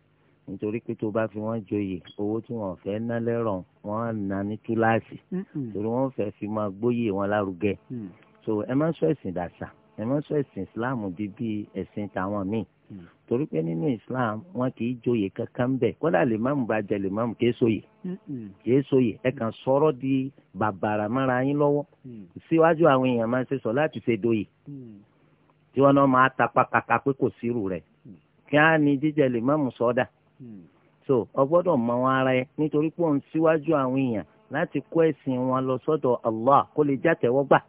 nítorí pé tó bá fi wọ́n joyè owó tí wọ́n fẹ́ ná lẹ́rọ̀ wọ́n á ná ní túláàsì torí wọ́n fẹ́ fi máa gbóyè wọn lárugẹ mm. so ẹ má sọ ẹ̀sìn dàṣà ẹ má sọ ẹ̀sìn islam di bí ẹ̀sìn tàwọn míì mm. torí pé nínú islam wọn kì í joyè kankan ń bẹ kódà lè má mú bá jẹ lè má mú kéé sóyè kéé sóyè ẹ kàn sọ̀rọ̀ di bàbàrà mára yín lọ́wọ́ mm. síwájú àwọn èèyàn máa ń ṣe sọ láti ṣe doyè tí wọn náà máa tapá kaka pé kò sírù rẹ̀ kí á ní jíjẹ lè má mú sọ́dà hmm. so ọgbọ́dọ̀ mọ wọn ara ẹ nítorí pé òun síwájú àwọn èèyàn láti kó ẹ̀sìn wọn lọ sọ́dọ̀ Allah kó lè jàtẹ́wọ́gbà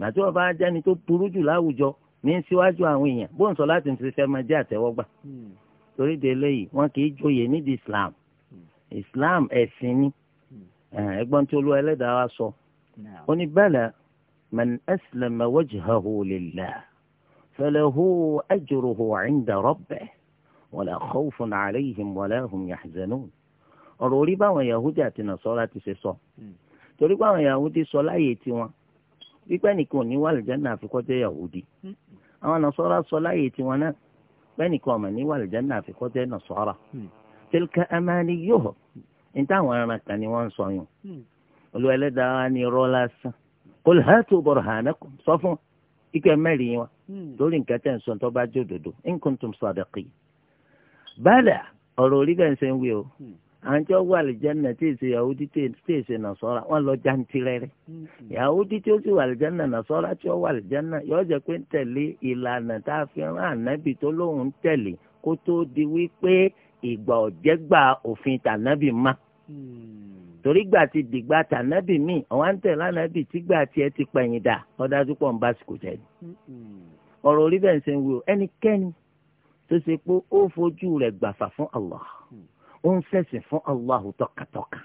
nàti hmm. wọn bá jẹ́ni tó burú jù láwùjọ ní síwájú àwọn èèyàn bóun sọ láti fi fẹ́ máa jẹ́ àtẹ́wọ́gbà hmm. torí de eléyìí wọn kì í joyè nídìí Islam Islam ẹ̀sìn ni ẹgbọ́n tí Olúwa ẹlẹ́dàá wa sọ ó ní bala man aslama wajhahu lillah falahu أجره عند ربه ولا خوف عليهم ولا هم يحزنون ọ̀rọ̀ orí báwọn yahudi àti nasọ́ra ti ṣe sọ hmm. torí báwọn yahudi sọ láàyè tiwọn wípé nìkan ò ní wà lìjánà àfikọ́ jẹ́ yahudi hmm. àwọn nasọ́ra sọ láàyè tiwọn náà bẹ́ẹ̀ nìkan ọ̀mọ̀ ní wà lìjánà nasọ́ra hmm. tilka amaniyuhum ní táwọn ẹran ni wọ́n ń sọ yùn olú ẹlẹ́dàá ni rọ́ lásán qul hatu burhanakum sọ fún kíkẹ́ mẹ́rin wọn hmm. lórí nǹkan tẹ̀ ń sọ tó bá jó dodo in kuntum sadiqin. bala ọ̀rọ̀ orí bẹ́ẹ̀ ń sẹ́ ń wí o hmm. àwọn tí wọ́n wà àlìjánná tí èsè yahudi tí èsè nàṣọ́ra wọ́n lọ jantirẹ́rẹ́ hmm. yahudi tí ó sì wà àlìjánná nàṣọ́ra tí wọ́n wà àlìjánná yóò jẹ́ pé ń tẹ̀lé ìlànà tá a fi rán ànábì tó lóun ń tẹ̀lé kó tó di wípé ìgbà ọ̀jẹ̀gbà òfin tànábì má torí gbà ti dìgbà tànábì míì ọ̀wá ń tẹ̀ lánàbì tí gbà tiẹ̀ ti pẹ̀yìn dà ọ̀dájú pọ̀ ń bá sìkò jẹ́ ni. ọ̀rọ̀ orí bẹ́ẹ̀ ń sẹ́ ń wo ẹnikẹ́ni tó ṣe pé ó fojú rẹ̀ gbàfà fún Allah ó ń fẹ̀sìn fún Allah tọkàtọkà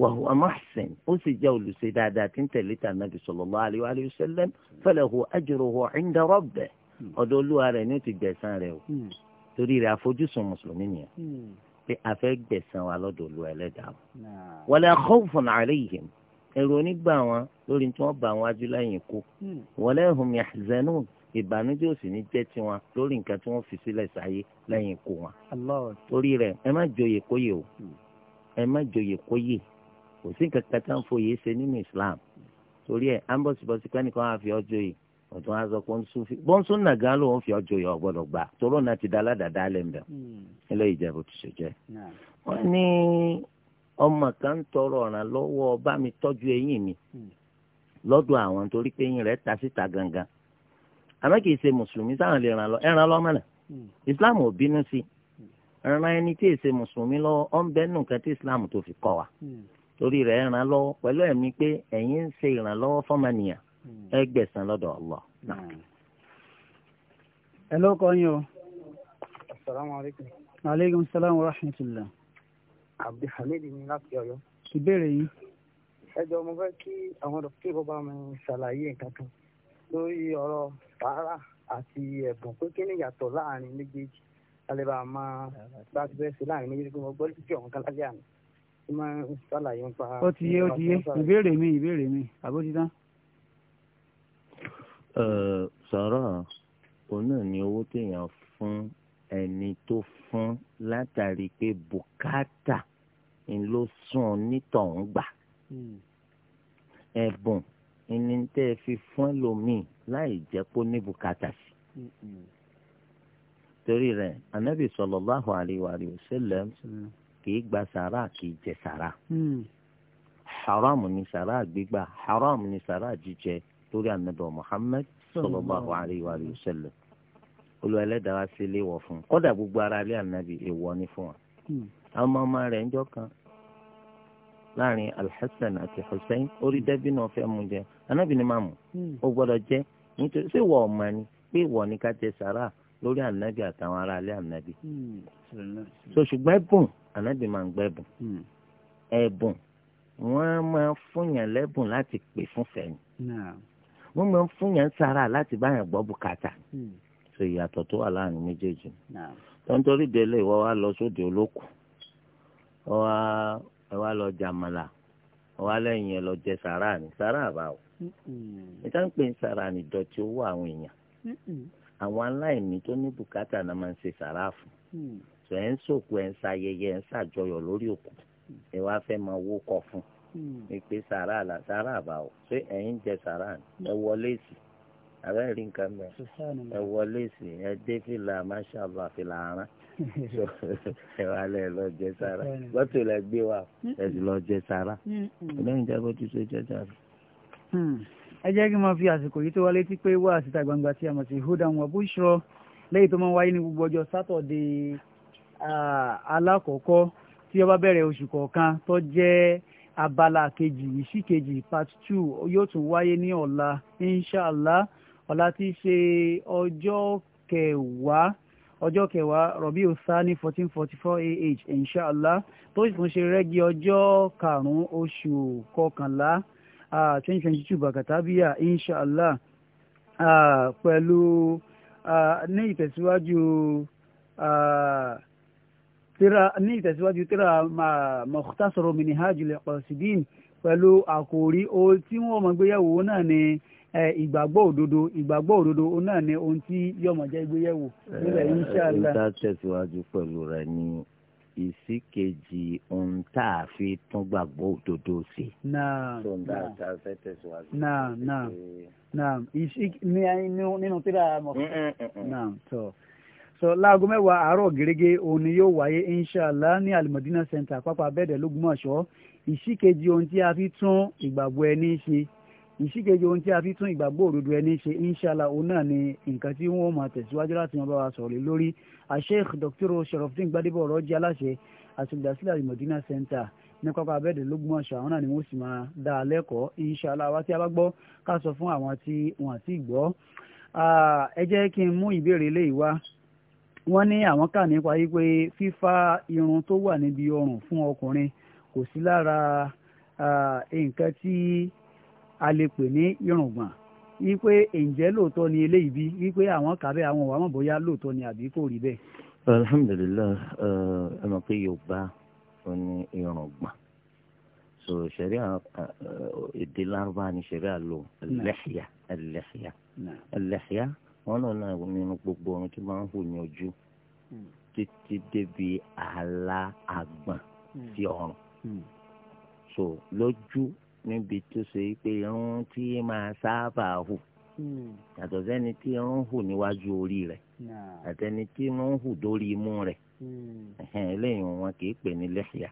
wa huwa muhsin ó sì jẹ́ olùṣe dáadáa tí ń tẹ̀lé tànábì sallallahu alaihi wa sallam falahu ajruhu inda rabbih hmm. ọ̀dọ̀ pé a fẹ́ gbẹ̀san wa lọ́dọ̀ Olúwa ẹlẹ́dàá wa. wala khawfun alayhim ẹ̀rù onígbà wọn lórí tí wọ́n bá wọn ajú lẹ́yìn kú. Hmm. wala hum yahzanun ìbànújẹ́ ò sì ní jẹ́ tiwọn lórí nǹkan tí wọ́n fi sílẹ̀ sáyé lẹ́yìn kú wọn. torí rẹ̀ ẹ má joyè kóyè o hmm. ẹ má joyè kóyè kò sí nǹkan kan tá à ṣe nínú Islam torí ẹ̀ ambosibosi kánìkan á fi ọjọ́ yìí ọ̀tún á sọ pé ń sún fi fi ọjọ́ yọ ọ̀gbọ́dọ̀ gbà toró náà ti da ń hmm. eléyìí jẹ́ bó ti ṣe jẹ́. wọ́n ní ọmọ kan tọrọ ọ̀ràn lọ́wọ́ ọba mi tọ́jú eyín mi hmm. lọ́dọ̀ àwọn torí pé eyín rẹ̀ ta síta gangan àmọ́ kìí ṣe mùsùlùmí sáwọn lè ràn lọ ẹran lọ́mọ hmm. ò bínú sí ẹni tí èsè mùsùlùmí lọ ọ̀ nù kan fi kọ́ ẹ gbẹ̀san lọ́dọ̀ Allah. ẹ ló kọ́ yín o. asalaamualeykum. maaleykum salaam wa rahmatulah. abdulhamid ni láti Ọ̀yọ́. ìbéèrè yìí. ẹ jọ̀ọ́ mo fẹ́ kí àwọn dókítà kó bá mi ṣàlàyé nǹkan kan lórí ọ̀rọ̀ sàárà àti ẹ̀bùn pé kí ni ìyàtọ̀ láàrin méjèèjì alẹ́bà máa bá ti bẹ́ẹ̀ sí láàrin méjèèjì pé mo gbọ́ títí ọ̀hún kan lábẹ́ àná ó ti yé ó ti yé ìbéèrè mi ìbéèrè mi àbójútán sọ̀rọ̀ òun náà ni owó téèyàn fún ẹni tó fún látàrí pé bùkátà ń ló sùn onítọ̀hún gbà hmm. ẹ̀bùn ẹni tẹ́ ẹ fi fún ẹlòmíì láì jẹ́ pé ó ní bùkátà sí hmm, hmm. torí rẹ̀ anabi sallallahu alayhi wa sallam kì í gba sàrà kì í jẹ sàrà haram ni sàrà gbígbà haram ni sàrà jíjẹ lórí ànábì Muhammad sallallahu alayhi wa sallam olùwẹ̀lẹ́dàá wá sí ilé wọ̀ fún un kódà gbogbo ara ilé ànábì èèwọ̀ ni fún wa àwọn ọmọ ọmọ rẹ̀ ń jọ́ kan láàrin alhassan àti hussein orí dẹ́bí náà fẹ́ mu jẹ anábì ni màmú ó gbọ́dọ̀ jẹ́ nítorí ṣé ìwọ ọ̀ma ni pé ìwọ ni ká jẹ sàrà lórí ànábì àtàwọn ará ilé ànábì. so ṣùgbọ́n ẹ̀bùn ànábì máa ń gbẹ́ ẹ̀bùn ẹ̀bùn wọ́n máa fúnyàn lẹ́bùn láti pè fún fẹ̀yìn wọ́n máa ń fún yàn sára láti bá yàn gbọ́ bùkátà ṣe hmm. ìyàtọ̀ tó wà láàrin méjèèjì délé lọ sóde olókùn ẹ wá lọ jàmàlà lẹ́yìn lọ jẹ ni o hmm. ń pè ń ni dọ̀tí owó àwọn èèyàn hmm. àwọn aláìní tó ní bùkátà náà máa ń ṣe ẹ ń ẹ ń lórí òkú ẹ wá fẹ́ kọ fún ìpè hmm. sàrà àlà sàrà àbàwò ṣé ẹ̀yin jẹ sàrà ẹ wọlé sí abẹ́ rí nǹkan mẹ́ ẹ wọlé sí ẹ dé fìlà máṣáàlá fìlà aràn ẹ wà lẹ lọ jẹ sàrà lọ́tò lẹ gbé wa hmm. ẹ sì lọ jẹ sàrà hmm. lẹ́yìn jábọ́ tí ṣe jẹ́ sàrà ẹ jẹ́ kí n máa fi àsìkò yìí tó wá létí pé wá àsìta gbangba tí a mọ̀ sí hudan wa bushro lẹ́yìn tó máa wáyé ní gbogbo ọjọ́ sátọ̀dé ah, alákọ̀ọ́kọ́ tí ó bẹ̀rẹ̀ oṣù kọ̀ọ̀kan tó jẹ́ abala kejì ìṣí kejì part two yóò tún wáyé ní ọ̀la inshallah ọ̀la ti ṣe ọjọ́ kẹwàá ọjọ́ kẹwàá rọ̀bí ọ̀sá ní fourteen forty four ah inshallah tó sì tún ṣe rẹ́gi ọjọ́ karùn-ún oṣù kọkànlá twenty twenty two bàkàtàbíyà inshallah pẹ̀lú ní ìtẹ̀síwájú. Uh, tíra ní ìtẹ̀síwájú tíra Mukhtasar Minhajul Qasidin pẹ̀lú àkòrí ohun tí wọ́n mọ̀ gbéyẹ̀wò náà ni ìgbàgbọ́ òdodo ìgbàgbọ́ òdodo náà ni ohun tí yọmọ jẹ́ gbéyẹ̀wò nílẹ̀ inṣàlá. ẹ ẹ tẹ̀síwájú pẹ̀lú rẹ ní ìsí kejì ohun tá a fi tún gbàgbọ́ òdodo ṣe. náà náà náà náà nínú tíra mọ̀ náà tọ́ sọ láago mẹ́wàá àárọ̀ gẹ́gẹ́ òní yóò wáyé inshàlá ní alimadina center pápá bẹ́ẹ̀dẹ̀ lógúnmọ̀ṣọ́ ìṣìkejì ohun tí a fi tún ìgbàgbọ́ ẹni ṣe ìṣìkejì ohun tí a fi tún ìgbàgbọ́ òdodo ẹni ṣe inshàlá òun náà ni nǹkan tí wọ́n máa tẹ̀síwájú láti yan bá wa sọ̀rọ̀ lé lórí asheikh dr sharafdin gbadebo ọ̀rọ̀ jẹ́ aláṣẹ àtúndásílẹ̀ alimadina center ní kọ́kọ́ abẹ́ẹ̀dẹ̀ lógún ọ̀ṣọ́ àwọn náà ni wọ́n sì máa dá a lẹ́kọ̀ọ́ inshàlá wa tí a bá gbọ́ ká sọ fún àwọn tí wọ́n àti gbọ́ ah, ẹ jẹ́ kí n mú ìbéèrè eléyìí wá wọ́n ní àwọn kà nípa wípé fífá irun tó wà níbi ọrùn fún ọkùnrin kò sí lára nǹkan tí a lè pè ní irùngbọ̀n wípé ǹjẹ́ lóòótọ́ ni eléyìí bí wípé àwọn kàbẹ́ àwọn òwà bóyá lóòótọ́ ni àbí kò rí bẹ́ẹ̀. alhamdulilayi ẹ pé yorùbá ò ní irùngbọ̀n so sẹ̀ríà èdè lárúbá ni sẹ̀ríà lò al-lihya al wọn náà náà nínú gbogbo ohun tí máa ń hù ní ojú hmm. títí débi ààlà àgbọ̀n hmm. sí ọrùn hmm. so lójú níbi tó ṣe pé irun tí máa sábà hù yàtọ̀ sẹ́ni tí irun hù níwájú orí rẹ̀ àtẹni tí irun hù dórí imú rẹ̀ eléyìí wọn kì í pè ní lẹ́hìá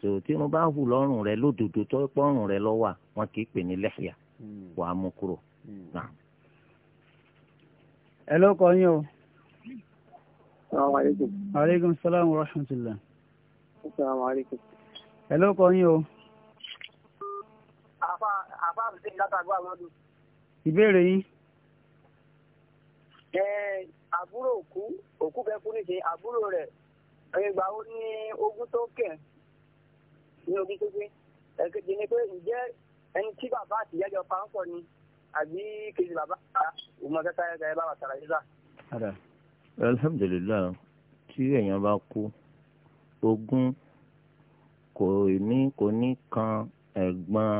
so tí irun bá hù lọ́rùn rẹ̀ lódodo tó pọ́rùn rẹ̀ lọ́wọ́ wọn kì í pè ní lẹ́hìá wàá mú kúrò náà ẹ ló kọ yín o. salaamaleykum. aleykum salaam wa rahmatulah. salaamaleykum. ẹ ló kọ yín o. àfa àfa àbùsẹ̀ ìlàtàgbà lọ́dún. ìbéèrè yín. ẹ àbúrò òkú òkú bẹ kú níṣe àbúrò rẹ̀ ìgbà ó ní ogún tó kẹ̀ ní ogún tó gbé ẹ̀kejì ni pé ǹjẹ́ ẹni tí bàbá àtìyá pa ń pọ̀ ni àbí kejì bàbá ọmọ kẹta ẹgbẹ ẹ bá wà sàrà yíṣà. alhamdulilayi tí èèyàn bá kú ogún kò ní kò ní kan ẹ̀gbọ́n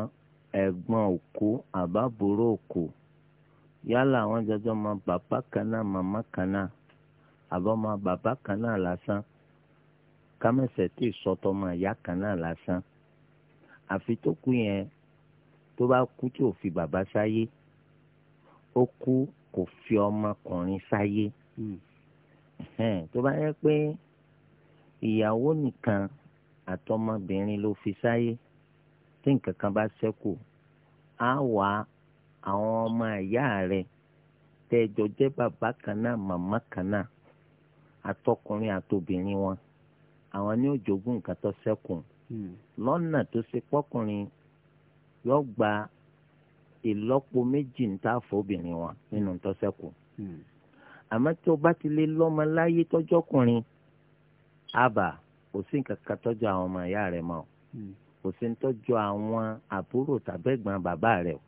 ẹ̀gbọ́n òkú àbábòrò òkú yálà àwọn jọjọ ọmọ bàbá kan náà màmá kan náà àbọ̀mọ bàbá kan náà lásán kámẹ́sẹ̀ tí ìsọtọ́ ọmọ ìyá kan lásán àfi tó kú yẹn tó bá kú tí ò fi bàbá sáyé ó kú kò fi ọmọkùnrin sáyé hmm. tó bá yẹ pé ìyàwó nìkan àtọmọbìnrin ló fi sáyé tí nǹkan kan bá ṣẹ́kù á wà àwọn ọmọ ìyá rẹ̀ tẹ́jọ jẹ́ bàbá kan náà màmá kan náà àtọkùnrin àtobìnrin wọn àwọn ní òjògùn nǹkan tó ṣẹ́kù hmm. lọ́nà tó ṣe pọ́kùnrin yóò ìlọ́po méjì ń tà fóbìnrin wọn nínú tọ́sẹ̀kù hmm. àmọ́ tí o bá ti lé lọ́mọ láyé tọ́jọ́kùnrin àbà kò sí nǹkan kan tọ́jú àwọn ọmọ ìyá rẹ̀ mọ́ hmm. kò sí ń tọ́jú àwọn àbúrò tàbẹ́gbọ́n bàbá rẹ̀ o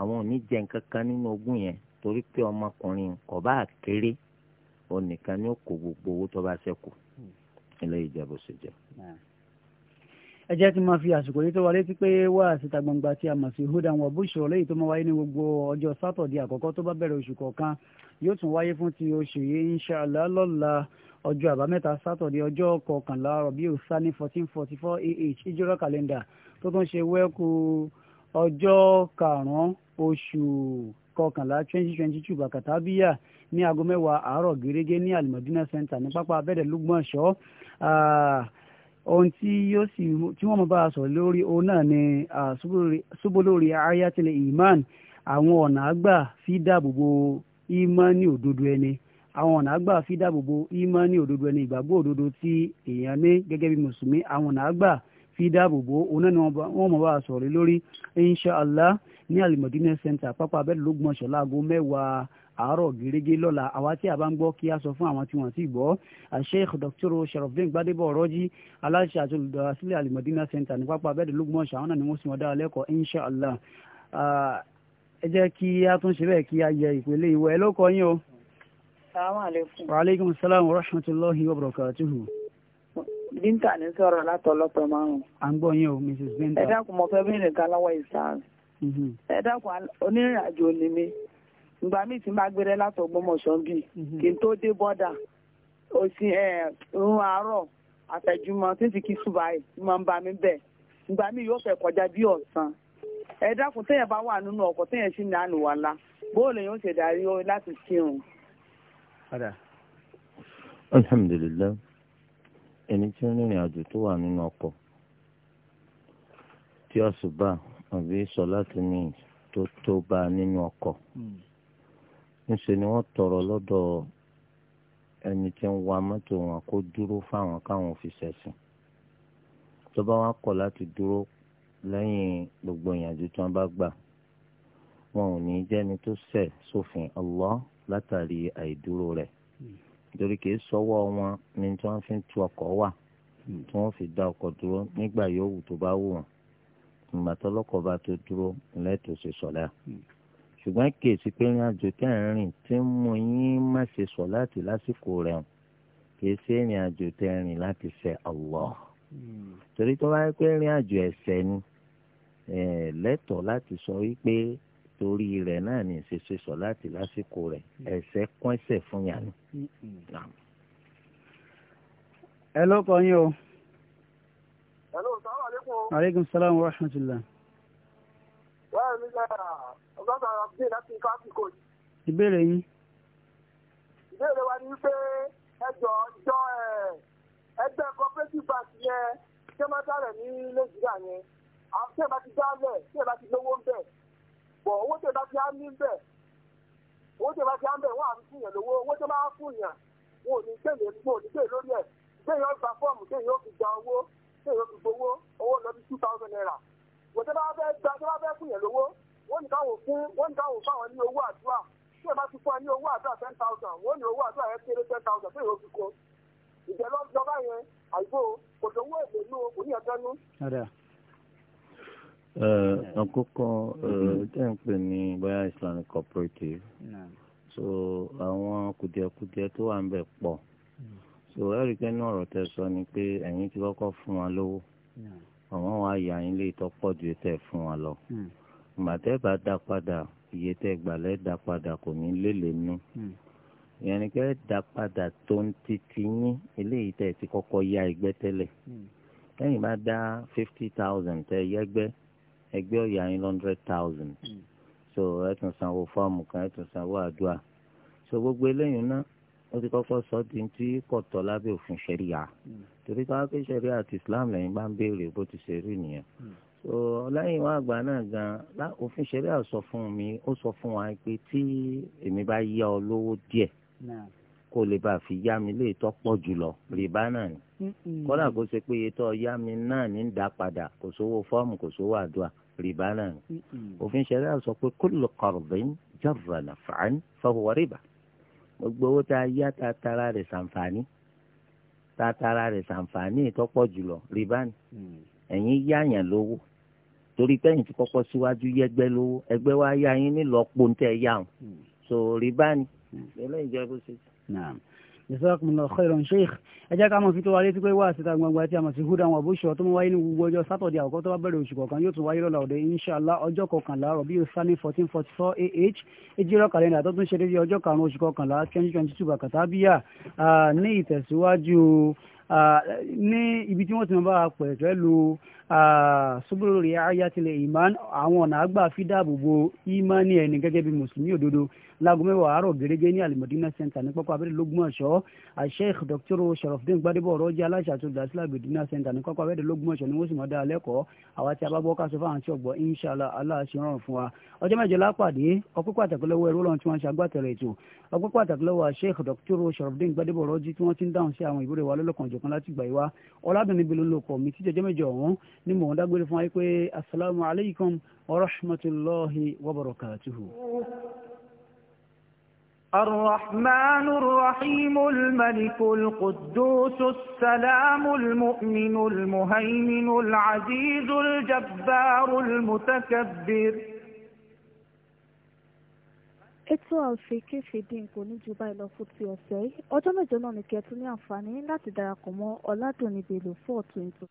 àwọn ò ní jẹ nǹkan kan nínú ogún yẹn torí pé ọmọkùnrin kò bá kéré onìkan ni ó kó gbogbo owó tó bá ṣẹ́kù ilé hmm. ìjẹ́bù ṣe jẹ́ ẹ jẹ́ kí n máa fi àsìkò yìí tó wa létí pé wá síta gbangba tí a mọ̀ sí hudan wa bushro léyìí tó máa wáyé ní gbogbo ọjọ́ sátọ̀dé àkọ́kọ́ tó bá bẹ̀rẹ̀ oṣù kọ̀ọ̀kan yóò tún wáyé fún ti oṣù yìí inshàlá lọ́la ọjọ́ àbámẹ́ta sátọ̀dé ọjọ́ kọkànlá rọ̀bíù sani fourteen forty four ah ìjírọ̀ kàlẹ́ndà tó tún ṣe wẹ́kù ọjọ́ karùn-ún oṣù kọkànlá twenty twenty two bàkàtà bíyà ní aago mẹ́wàá àárọ̀ gẹ́gẹ́ ní alimadina center ní pápá abẹ́rẹ́ lúgbọ̀nsọ́ ohun tí yóò sì tí wọ́n mọ̀ bá a sọ lórí òun náà ni ṣubúlórí ayatul iman àwọn ọ̀nà àgbà fi dáàbò bo ìmánì òdodo ẹni àwọn ọ̀nà àgbà fi dáàbò bo ìmánì òdodo ẹni ìgbàgbọ́ òdodo tí èèyàn ní gẹ́gẹ́ bí mùsùlùmí àwọn ọ̀nà àgbà fi dáàbò bo òun náà ni wọ́n mọ̀ bá a sọ lórí inshallah ní al center pápá abẹ́rẹ́ lógún láago mẹ́wàá àárọ̀ gẹ́gẹ́ lọ́la àwa tí a bá ń gbọ́ kí a sọ fún àwọn tí wọ́n ti gbọ́ Sheikh Dr. Sharafdin Gbadebo Ọ̀rọ́jì aláṣẹ àti olùdásílẹ̀ Al-Madina Center ní pápá abẹ́ẹ̀dẹ̀ lógúnmọ̀ṣà àwọn náà ni wọ́n sì wọ́n dá lẹ́kọ̀ọ́ inshallah ẹ jẹ́ kí a tún ṣe bẹ́ẹ̀ kí a yẹ ìpele ìwẹ̀ ẹ lóko yín o. salaamaleykum. wa aleykum salaam wa rahmatulahi wa barakatuhu. Binta ní sọ̀rọ̀ látọ̀lọ́tọ̀ márùn-ún. À ń gbọ́ yín o, Mrs. Binta. Ẹ dákun mo fẹ́ bí nìkan lọ́wọ́ ìsáàsì. Mhm. Ẹ dákun onírìnàjò ni mí ìgbà míì tí n bá gbéra látọ̀gbọ́mọ̀ṣọ́ bí mhm. kí n tó dé bọ́dà òsì ìrun àárọ̀ àfẹ̀jùmọ̀ títí kí ṣùgbọ́n àì máa ń bá mi bẹ̀ ìgbà míì yóò fẹ́ kọjá bí ọ̀sán ẹ dákun téèyàn bá wà nínú ọkọ̀ téèyàn sì ní àlùwàlá bóòlù yóò ṣe dárí ó láti kírun. alhamdulilayi ẹni tí ń rìnrìn àjò tó wà nínú ọkọ̀ tí ọ̀sùn bá àbí sọ láti ní tó tó bá nínú ọkọ̀. Hmm níṣẹ́ ni wọ́n tọrọ lọ́dọ̀ ẹni tí ń wa mọ́tò wọn kó dúró fáwọn káwọn fi ṣẹ̀sìn tó bá wọn kọ̀ láti dúró lẹ́yìn gbogbo ìyànjú tí wọ́n bá gbà wọn ò ní jẹ́ni tó ṣẹ̀ sófin Allah látàrí àìdúró rẹ̀ nítorí kìí sọ́wọ́ wọn ni tí wọ́n fi ń tu ọkọ̀ wà tí wọ́n fi dá ọkọ̀ dúró nígbà yòówù tó bá wù wọ́n ìgbà tó bá tó dúró lẹ́tọ̀ọ́ ṣe sọ̀lá ṣùgbọ́n kèsì pé ìrìn àjò tẹ̀ ń rìn tí mo yín má ṣe sọ láti lásìkò rẹ̀ hàn kèsì ìrìn àjò tẹ̀ láti ṣe Allah hmm. torí tó bá yẹ pé ìrìn àjò ẹ̀ṣẹ̀ ni lẹ́tọ̀ọ́ láti sọ wípé torí rẹ̀ náà ní ìṣeṣe sọ láti lásìkò rẹ̀ ẹ̀ṣẹ̀ kún ẹ̀ṣẹ̀ fún yàn hmm, hmm. ẹ ló yín o. ẹ ló sọ wà lẹ́kọ̀ọ́. salaam wa rahmatulah. wàá mi lára. Abdul Abdul láti Fáfi Coach. Ìbéèrè yín. Ìbéèrè wa ni wípé ẹjọ́ ìjọ ẹgbẹ́ cooperative bank yẹn ṣé máa dálẹ̀ ní Nàìjíríà yẹn. Àwọn tí ẹ bá ti dálẹ̀ tí ẹ bá ti lówó ń bẹ̀. Bọ̀ owó tí ẹ bá ti á ní bẹ̀. Owó tí ẹ bá ti á ń bẹ̀ wọ́n á fi yàn lówó. Owó tí ẹ máa ń fún yàn wọn ò ní kéde wọn ò ní kéde lórí ẹ̀. Kéèyàn gba fọ́ọ̀mù kéèyàn ó fi gba owó kéèyàn ó fi gbowó owó lọ bí two thousand naira. Wọ́n tẹ́ bá fẹ́ gba tẹ́ bá fẹ́ fún yàn lówó wọ́n ní káwọ̀ fún wọ́n ní káwọ̀ fáwọn ní owó àdúrà tí ẹ bá ti fún ẹ ní owó àdúrà ten thousand wọ́n ní owó àdúrà yẹn kéré ten thousand fún ìrọ̀sùn kan ìjẹ́ lọ́jọ́bá yẹn àìgbó kò tó owó èlé ní oníyàtọ́nú. àkókò tẹ́ ń pè ní bóyá Islamic cooperative so àwọn kùdìẹ̀kudiẹ tó wà ń bẹ̀ pọ̀ so ẹ̀rí pé ní ọ̀rọ̀ tẹ́ sọ ni pé ẹ̀yin ti kọ́kọ́ fún wa lówó àwọn wa yà yín lè tọ́pọ̀ ju tẹ̀ fún wa lọ. Hmm gbàtẹ́ bá dá padà iye tẹ́ gbàlẹ́ dá padà kò ní lélẹ̀ nù hmm. ìyẹn ni kẹ́ dá padà tó ń titi yín eléyìí tẹ́ ti kọ́kọ́ ya ẹgbẹ́ tẹ́lẹ̀ hmm. lẹ́yìn bá dá fifty thousand tẹ́ yẹgbẹ́ ẹgbẹ́ ọ̀yà yín hundred thousand hmm. so ẹ tún sanwó fọ́ọ̀mù kan ẹ tún sanwó àdúrà so gbogbo eléyìí náà ó ti kọ́kọ́ sọ di ti kọ̀tọ̀ lábẹ́ òfin ṣẹ̀ríà torí káwá pé ṣẹ̀ríà àti Islam lẹ́yìn bá ń béèrè bó ti ṣe rí nìyẹn so lẹ́yìn wá àgbà náà gan òfin ṣẹlẹ̀ sọ fún mi ó sọ fún wa pé tí èmi bá yá ọ lówó díẹ̀ kó lè bá fi yá mi léè tọ́ pọ̀ jùlọ rìbá náà ni kódà kó ṣe pé iye tó yá mi náà ní dá padà kò sówó fọ́ọ̀mù kò sówó àdúrà rìbá náà ni òfin ṣẹlẹ̀ sọ pé kullu qardin jarra naf'an fahuwa riba gbogbo owó tá a yá tá tara rẹ̀ sàǹfààní tá tara rẹ̀ sàǹfààní ìtọ́pọ̀ jùlọ rìbá ni mm. ẹ̀yin yáàyàn lówó torí pẹ́yìn tí kọ́kọ́ síwájú yẹgbẹ́ lówó ẹgbẹ́ wa yá yín nílọ́pọ̀ ń tẹ́ yá wọn so rìbá ni eléyìí jẹ́ kó ṣe. Sheikh. Ẹ jẹ́ ká mọ̀ fi tó wa létí pé wá síta gbangba tí a mọ̀ sí Huda àwọn àbúṣọ tó mọ̀ wáyé ní gbogbo ọjọ́ Sátọ̀dé àkọ́kọ́ tó bá bẹ̀rẹ̀ oṣù kọ̀ọ̀kan yóò tún wáyé lọ́la òde Inṣàlá ọjọ́ kọkànlá Rọ̀bí Sani fourteen forty four AH Ejirọ̀ kàlẹ́ndà tó tún ṣe débi ọjọ́ karùn-ún oṣù kọkànlá twenty twenty two Bàkàtà Bíyà ní ìtẹ̀síwájú ní ibi tí wọ́n ti máa bá pẹ̀lú lo subúlù rẹ̀ ayatilẹ̀ ìmán àwọn ọ̀nà àgbà fi dáàbò bo ìmánì ẹni gẹ́gẹ́ bí mùsùlùmí òdodo láago mẹ́wàá àárọ̀ gẹ́gẹ́ ní alimọ̀dínà center ní pápá abẹ́rẹ́ lógún ọ̀ṣọ́ Sheikh Dr. Sharafdin Gbadebo ọ̀rọ̀jì aláṣà tó dá sílẹ̀ alimọ̀dínà center ní pápá abẹ́rẹ́ lógún ọ̀ṣọ́ ni wọ́n sì mọ̀ dá a lẹ́kọ̀ọ́ àwa tí a bá gbọ́ ká sọ fáwọn tí ọgbọ́ inshàlá aláṣẹ rọrùn fún wa ọjọ́ mẹ́jọ lápàdé ọpẹ́ pàtàkì lọ́wọ́ ẹrú ọlọ́run tí wọ́n ṣe agbátẹrẹ ètò ọpẹ́ pàtàkì lọ́wọ́ Sheikh Dr. Sharafdin Gbadebo ọ̀rọ̀jì tí wọ́n ti ń dáhùn sí àwọn ìbúrẹ́ الرحمن الرحيم الملك القدوس السلام المؤمن المهيمن العزيز الجبار المتكبر ètò àlfíkì fìdí nǹkan níjú báyìí lọ fún ti ọ̀sẹ̀ yìí ọjọ́ mẹ́jọ náà ni kẹ́tù ní àǹfààní láti darapọ̀ mọ́ ọ̀làdùn fún ọ̀tún ètò.